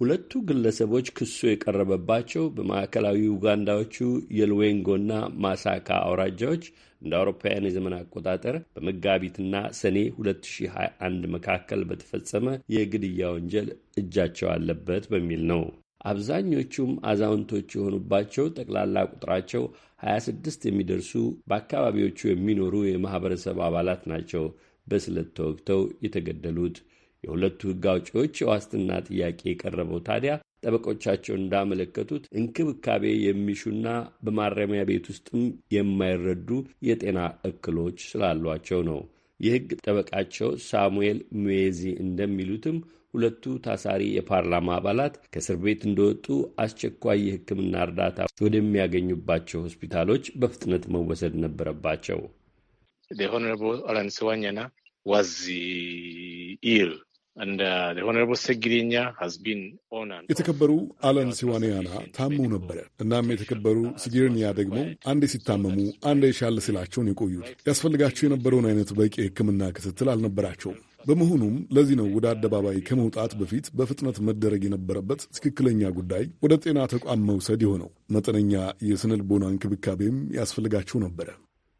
ሁለቱ ግለሰቦች ክሱ የቀረበባቸው በማዕከላዊ ኡጋንዳዎቹ የልዌንጎና ማሳካ አውራጃዎች እንደ አውሮፓውያን የዘመን አቆጣጠር በመጋቢትና ሰኔ 2021 መካከል በተፈጸመ የግድያ ወንጀል እጃቸው አለበት በሚል ነው። አብዛኞቹም አዛውንቶች የሆኑባቸው ጠቅላላ ቁጥራቸው 26 የሚደርሱ በአካባቢዎቹ የሚኖሩ የማኅበረሰብ አባላት ናቸው በስለት ተወግተው የተገደሉት። የሁለቱ ሕግ አውጪዎች የዋስትና ጥያቄ የቀረበው ታዲያ ጠበቆቻቸው እንዳመለከቱት እንክብካቤ የሚሹና በማረሚያ ቤት ውስጥም የማይረዱ የጤና እክሎች ስላሏቸው ነው። የሕግ ጠበቃቸው ሳሙኤል ሙዌዚ እንደሚሉትም ሁለቱ ታሳሪ የፓርላማ አባላት ከእስር ቤት እንደወጡ አስቸኳይ የሕክምና እርዳታ ወደሚያገኙባቸው ሆስፒታሎች በፍጥነት መወሰድ ነበረባቸው። uh, የተከበሩ አለን ሲዋንያና ታመው ነበረ። እናም የተከበሩ ስጊርኒያ ደግሞ አንዴ ሲታመሙ አንዴ ሻል ሲላቸውን የቆዩት ያስፈልጋቸው የነበረውን አይነት በቂ የህክምና ክትትል አልነበራቸውም። በመሆኑም ለዚህ ነው ወደ አደባባይ ከመውጣት በፊት በፍጥነት መደረግ የነበረበት ትክክለኛ ጉዳይ ወደ ጤና ተቋም መውሰድ የሆነው። መጠነኛ ቦና እንክብካቤም ያስፈልጋቸው ነበረ።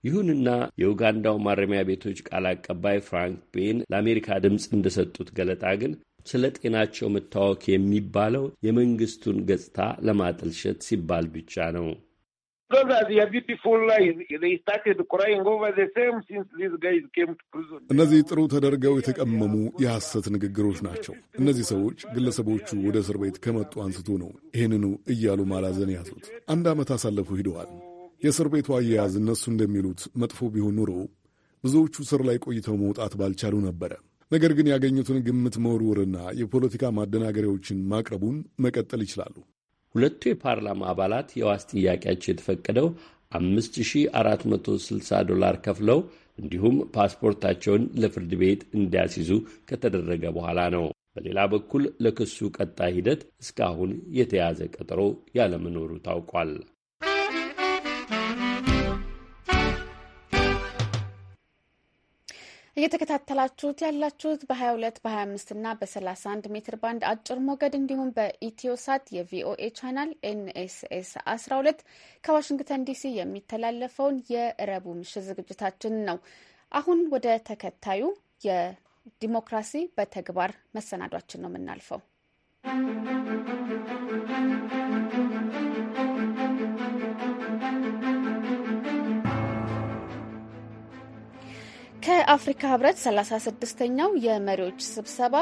ይሁንና የኡጋንዳው ማረሚያ ቤቶች ቃል አቀባይ ፍራንክ ቤን ለአሜሪካ ድምፅ እንደሰጡት ገለጣ ግን ስለ ጤናቸው መታወክ የሚባለው የመንግስቱን ገጽታ ለማጠልሸት ሲባል ብቻ ነው። Those are እነዚህ ጥሩ ተደርገው የተቀመሙ የሐሰት ንግግሮች ናቸው። እነዚህ ሰዎች ግለሰቦቹ ወደ እስር ቤት ከመጡ አንስቶ ነው ይህንኑ እያሉ ማላዘን ያዙት። አንድ ዓመት አሳለፉ ሂደዋል። የእስር ቤቱ አያያዝ እነሱ እንደሚሉት መጥፎ ቢሆን ኑሮ ብዙዎቹ ስር ላይ ቆይተው መውጣት ባልቻሉ ነበረ። ነገር ግን ያገኙትን ግምት መወርወርና የፖለቲካ ማደናገሪያዎችን ማቅረቡን መቀጠል ይችላሉ። ሁለቱ የፓርላማ አባላት የዋስ ጥያቄያቸው የተፈቀደው 5460 ዶላር ከፍለው እንዲሁም ፓስፖርታቸውን ለፍርድ ቤት እንዲያስይዙ ከተደረገ በኋላ ነው። በሌላ በኩል ለክሱ ቀጣይ ሂደት እስካሁን የተያዘ ቀጠሮ ያለመኖሩ ታውቋል። እየተከታተላችሁት ያላችሁት በ22 በ25 እና በ31 ሜትር ባንድ አጭር ሞገድ እንዲሁም በኢትዮሳት የቪኦኤ ቻናል ኤንኤስኤስ 12 ከዋሽንግተን ዲሲ የሚተላለፈውን የረቡ ምሽት ዝግጅታችን ነው። አሁን ወደ ተከታዩ የዲሞክራሲ በተግባር መሰናዷችን ነው የምናልፈው። ከአፍሪካ ህብረት 36ኛው የመሪዎች ስብሰባ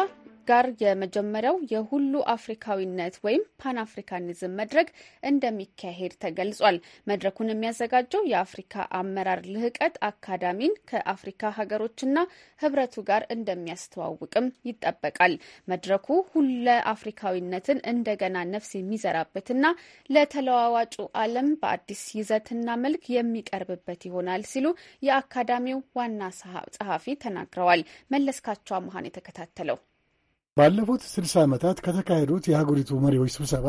ጋር የመጀመሪያው የሁሉ አፍሪካዊነት ወይም ፓን አፍሪካኒዝም መድረክ እንደሚካሄድ ተገልጿል። መድረኩን የሚያዘጋጀው የአፍሪካ አመራር ልህቀት አካዳሚን ከአፍሪካ ሀገሮችና ህብረቱ ጋር እንደሚያስተዋውቅም ይጠበቃል። መድረኩ ሁለ አፍሪካዊነትን እንደገና ነፍስ የሚዘራበትና ለተለዋዋጩ ዓለም በአዲስ ይዘትና መልክ የሚቀርብበት ይሆናል ሲሉ የአካዳሚው ዋና ጸሐፊ ተናግረዋል። መለስካቸው አመሀን የተከታተለው ባለፉት ስልሳ ዓመታት ከተካሄዱት የአገሪቱ መሪዎች ስብሰባ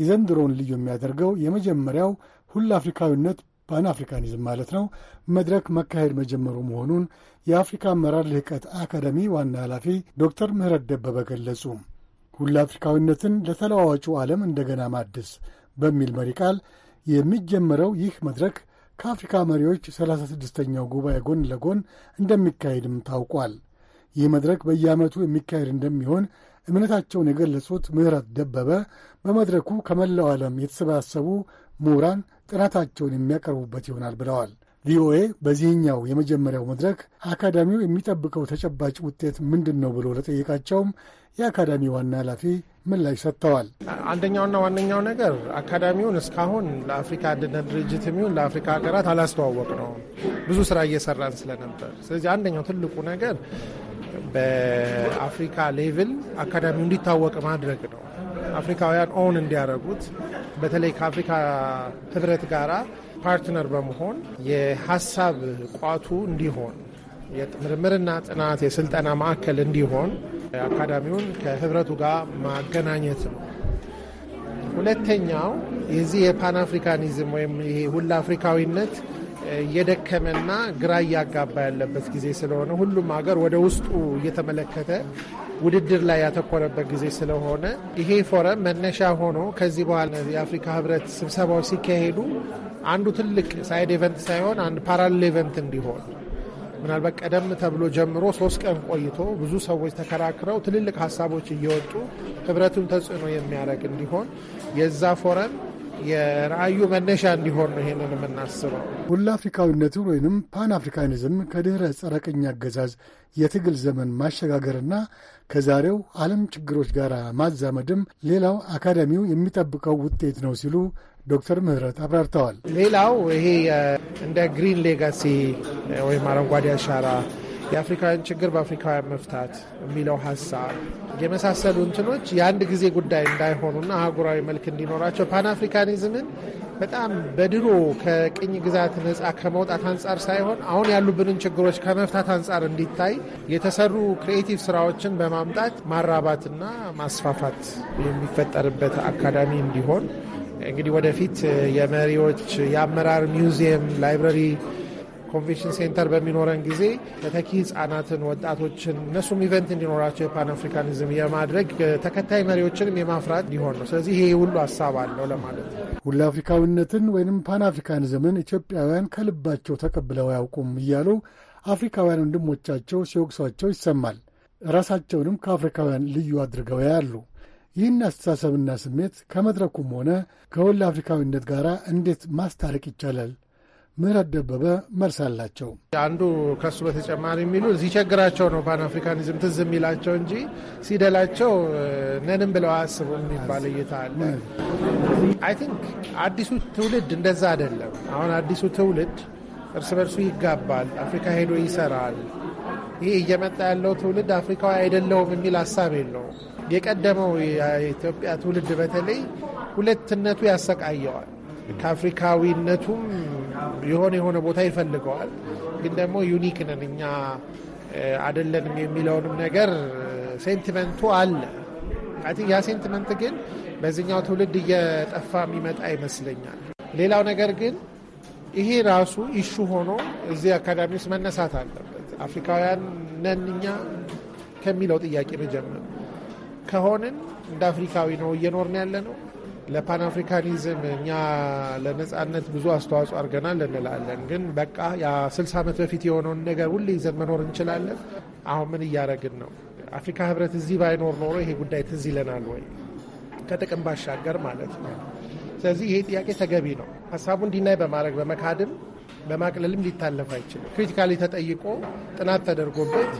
የዘንድሮውን ልዩ የሚያደርገው የመጀመሪያው ሁል አፍሪካዊነት ፓን አፍሪካኒዝም ማለት ነው መድረክ መካሄድ መጀመሩ መሆኑን የአፍሪካ አመራር ልህቀት አካዳሚ ዋና ኃላፊ ዶክተር ምህረት ደበበ ገለጹ። ሁለ አፍሪካዊነትን ለተለዋዋጩ ዓለም እንደገና ማድስ በሚል መሪ ቃል የሚጀመረው ይህ መድረክ ከአፍሪካ መሪዎች ሰላሳ ስድስተኛው ጉባኤ ጎን ለጎን እንደሚካሄድም ታውቋል። ይህ መድረክ በየዓመቱ የሚካሄድ እንደሚሆን እምነታቸውን የገለጹት ምህረት ደበበ በመድረኩ ከመላው ዓለም የተሰባሰቡ ምሁራን ጥናታቸውን የሚያቀርቡበት ይሆናል ብለዋል። ቪኦኤ በዚህኛው የመጀመሪያው መድረክ አካዳሚው የሚጠብቀው ተጨባጭ ውጤት ምንድን ነው ብሎ ለጠየቃቸውም የአካዳሚ ዋና ኃላፊ ምላሽ ሰጥተዋል። አንደኛውና ዋነኛው ነገር አካዳሚውን እስካሁን ለአፍሪካ አንድነት ድርጅት የሚሆን ለአፍሪካ ሀገራት አላስተዋወቅ ነው ብዙ ስራ እየሰራን ስለነበር። ስለዚህ አንደኛው ትልቁ ነገር በአፍሪካ ሌቭል አካዳሚው እንዲታወቅ ማድረግ ነው። አፍሪካውያን ኦን እንዲያደርጉት በተለይ ከአፍሪካ ህብረት ጋራ ፓርትነር በመሆን የሀሳብ ቋቱ እንዲሆን የምርምርና ጥናት የስልጠና ማዕከል እንዲሆን አካዳሚውን ከህብረቱ ጋር ማገናኘት ነው። ሁለተኛው የዚህ የፓን አፍሪካኒዝም ወይም ይሄ ሁላ አፍሪካዊነት እየደከመና ግራ እያጋባ ያለበት ጊዜ ስለሆነ ሁሉም ሀገር ወደ ውስጡ እየተመለከተ ውድድር ላይ ያተኮረበት ጊዜ ስለሆነ ይሄ ፎረም መነሻ ሆኖ ከዚህ በኋላ የአፍሪካ ህብረት ስብሰባዎች ሲካሄዱ አንዱ ትልቅ ሳይድ ኤቨንት ሳይሆን አንድ ፓራሌል ኤቨንት እንዲሆን ምናልባት ቀደም ተብሎ ጀምሮ ሶስት ቀን ቆይቶ ብዙ ሰዎች ተከራክረው ትልልቅ ሀሳቦች እየወጡ ህብረቱን ተጽዕኖ የሚያደርግ እንዲሆን የዛ ፎረም የራዕዩ መነሻ እንዲሆን ነው ይህንን የምናስበው። ሁለ አፍሪካዊነትን ወይንም ፓን አፍሪካኒዝም ከድኅረ ጸረ ቅኝ አገዛዝ የትግል ዘመን ማሸጋገርና ከዛሬው ዓለም ችግሮች ጋር ማዛመድም ሌላው አካዳሚው የሚጠብቀው ውጤት ነው ሲሉ ዶክተር ምህረት አብራርተዋል። ሌላው ይሄ እንደ ግሪን ሌጋሲ ወይም አረንጓዴ አሻራ የአፍሪካውያን ችግር በአፍሪካውያን መፍታት የሚለው ሀሳብ የመሳሰሉ እንትኖች የአንድ ጊዜ ጉዳይ እንዳይሆኑና አህጉራዊ መልክ እንዲኖራቸው ፓን አፍሪካኒዝምን በጣም በድሮ ከቅኝ ግዛት ነፃ ከመውጣት አንጻር ሳይሆን አሁን ያሉብንን ችግሮች ከመፍታት አንጻር እንዲታይ የተሰሩ ክሪኤቲቭ ስራዎችን በማምጣት ማራባትና ማስፋፋት የሚፈጠርበት አካዳሚ እንዲሆን እንግዲህ ወደፊት የመሪዎች የአመራር ሚውዚየም ላይብረሪ ኮንቬንሽን ሴንተር በሚኖረን ጊዜ ተተኪ ህጻናትን፣ ወጣቶችን እነሱም ኢቨንት እንዲኖራቸው የፓን አፍሪካኒዝም የማድረግ ተከታይ መሪዎችንም የማፍራት ሊሆን ነው። ስለዚህ ይሄ ሁሉ ሀሳብ አለው ለማለት ነው። ሁለ አፍሪካዊነትን ወይንም ፓን አፍሪካኒዝምን ኢትዮጵያውያን ከልባቸው ተቀብለው አያውቁም እያሉ አፍሪካውያን ወንድሞቻቸው ሲወቅሷቸው ይሰማል። ራሳቸውንም ከአፍሪካውያን ልዩ አድርገው ያሉ ይህን አስተሳሰብና ስሜት ከመድረኩም ሆነ ከወላ አፍሪካዊነት ጋር እንዴት ማስታረቅ ይቻላል ምህረት ደበበ መልስ አላቸው። አንዱ ከሱ በተጨማሪ የሚሉ ሲቸግራቸው ነው ፓን አፍሪካኒዝም ትዝ የሚላቸው እንጂ ሲደላቸው ነንም ብለው አያስቡ የሚባል እይታ አለ። አይ ቲንክ አዲሱ ትውልድ እንደዛ አይደለም። አሁን አዲሱ ትውልድ እርስ በርሱ ይጋባል፣ አፍሪካ ሄዶ ይሰራል። ይህ እየመጣ ያለው ትውልድ አፍሪካዊ አይደለውም የሚል ሀሳብ የለውም። የቀደመው የኢትዮጵያ ትውልድ በተለይ ሁለትነቱ ያሰቃየዋል። ከአፍሪካዊነቱም የሆነ የሆነ ቦታ ይፈልገዋል። ግን ደግሞ ዩኒክ ነን እኛ አይደለንም የሚለውንም ነገር ሴንቲመንቱ አለ። ያ ሴንቲመንት ግን በዚህኛው ትውልድ እየጠፋ የሚመጣ ይመስለኛል። ሌላው ነገር ግን ይሄ ራሱ ኢሹ ሆኖ እዚህ አካዳሚ ውስጥ መነሳት አለበት። አፍሪካውያን ነን እኛ ከሚለው ጥያቄ መጀመር ከሆንን እንደ አፍሪካዊ ነው እየኖርን ያለ ነው ለፓን አፍሪካኒዝም እኛ ለነጻነት ብዙ አስተዋጽኦ አድርገናል እንላለን። ግን በቃ ያ 60 ዓመት በፊት የሆነውን ነገር ሁሉ ይዘን መኖር እንችላለን? አሁን ምን እያደረግን ነው? አፍሪካ ህብረት እዚህ ባይኖር ኖሮ ይሄ ጉዳይ ትዝ ይለናል ወይ? ከጥቅም ባሻገር ማለት ነው። ስለዚህ ይሄ ጥያቄ ተገቢ ነው። ሀሳቡ እንዲናይ በማድረግ በመካድም በማቅለልም ሊታለፍ አይችልም። ክሪቲካሊ ተጠይቆ ጥናት ተደርጎበት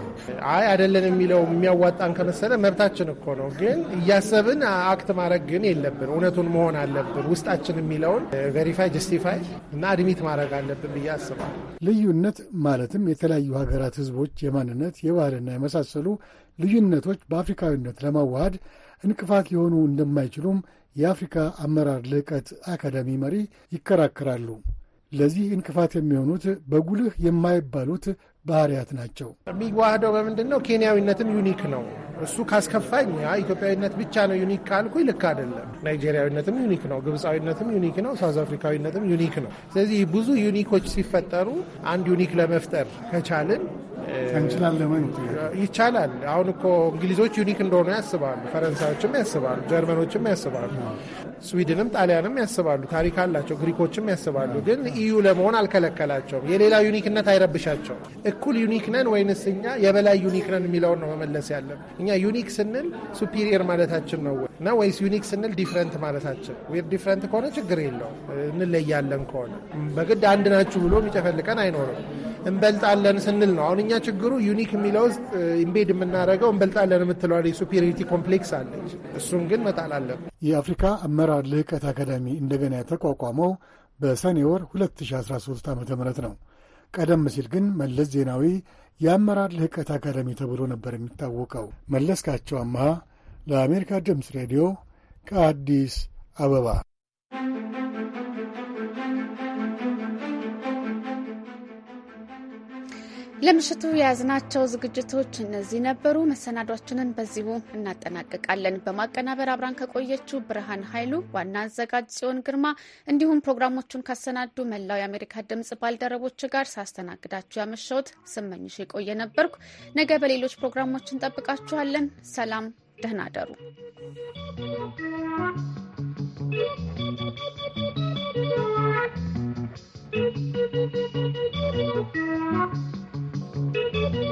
አይ አይደለን የሚለው የሚያዋጣን ከመሰለ መብታችን እኮ ነው። ግን እያሰብን አክት ማድረግ ግን የለብን። እውነቱን መሆን አለብን። ውስጣችን የሚለውን ቬሪፋይ ጀስቲፋይ እና አድሚት ማድረግ አለብን ብዬ አስባለሁ። ልዩነት ማለትም የተለያዩ ሀገራት ህዝቦች የማንነት የባህልና የመሳሰሉ ልዩነቶች በአፍሪካዊነት ለማዋሃድ እንቅፋት ሊሆኑ እንደማይችሉም የአፍሪካ አመራር ልዕቀት አካዳሚ መሪ ይከራከራሉ። ለዚህ እንቅፋት የሚሆኑት በጉልህ የማይባሉት ባህሪያት ናቸው። የሚዋህደው በምንድን ነው? ኬንያዊነትም ዩኒክ ነው። እሱ ካስከፋኝ ኢትዮጵያዊነት ብቻ ነው ዩኒክ ካልኩ ልክ አይደለም። ናይጄሪያዊነትም ዩኒክ ነው፣ ግብፃዊነትም ዩኒክ ነው፣ ሳውዝ አፍሪካዊነትም ዩኒክ ነው። ስለዚህ ብዙ ዩኒኮች ሲፈጠሩ አንድ ዩኒክ ለመፍጠር ከቻልን ይቻላል። አሁን እኮ እንግሊዞች ዩኒክ እንደሆኑ ያስባሉ፣ ፈረንሳዮችም ያስባሉ፣ ጀርመኖችም ያስባሉ፣ ስዊድንም ጣሊያንም ያስባሉ፣ ታሪክ አላቸው፣ ግሪኮችም ያስባሉ። ግን ኢዩ ለመሆን አልከለከላቸውም። የሌላ ዩኒክነት አይረብሻቸውም። እኩል ዩኒክ ነን ወይንስ እኛ የበላይ ዩኒክ ነን የሚለውን ነው መመለስ ያለብን። እኛ ዩኒክ ስንል ሱፒሪየር ማለታችን ነው እና ወይስ ዩኒክ ስንል ዲፍረንት ማለታችን? ዊር ዲፍረንት ከሆነ ችግር የለውም እንለያለን ከሆነ በግድ አንድ ናችሁ ብሎ የሚጨፈልቀን አይኖርም። እንበልጣለን ስንል ነው አሁን እኛ ችግሩ ዩኒክ የሚለው ውስጥ ኢምቤድ የምናደርገው እንበልጣለን የምትለዋል የሱፒሪቲ ኮምፕሌክስ አለች። እሱን ግን መጣላለን። የአፍሪካ አመራር ልህቀት አካዳሚ እንደገና የተቋቋመው በሰኔ ወር 2013 ዓ ም ነው። ቀደም ሲል ግን መለስ ዜናዊ የአመራር ልህቀት አካዳሚ ተብሎ ነበር የሚታወቀው። መለስካቸው አምሃ ለአሜሪካ ድምፅ ሬዲዮ ከአዲስ አበባ ለምሽቱ የያዝናቸው ዝግጅቶች እነዚህ ነበሩ። መሰናዷችንን በዚሁ እናጠናቅቃለን። በማቀናበር አብራን ከቆየችው ብርሃን ኃይሉ፣ ዋና አዘጋጅ ጽዮን ግርማ እንዲሁም ፕሮግራሞቹን ካሰናዱ መላው የአሜሪካ ድምጽ ባልደረቦች ጋር ሳስተናግዳችሁ ያመሸሁት ስመኝሽ የቆየ ነበርኩ። ነገ በሌሎች ፕሮግራሞች እንጠብቃችኋለን። ሰላም፣ ደህና አደሩ።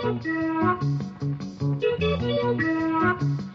Thank you.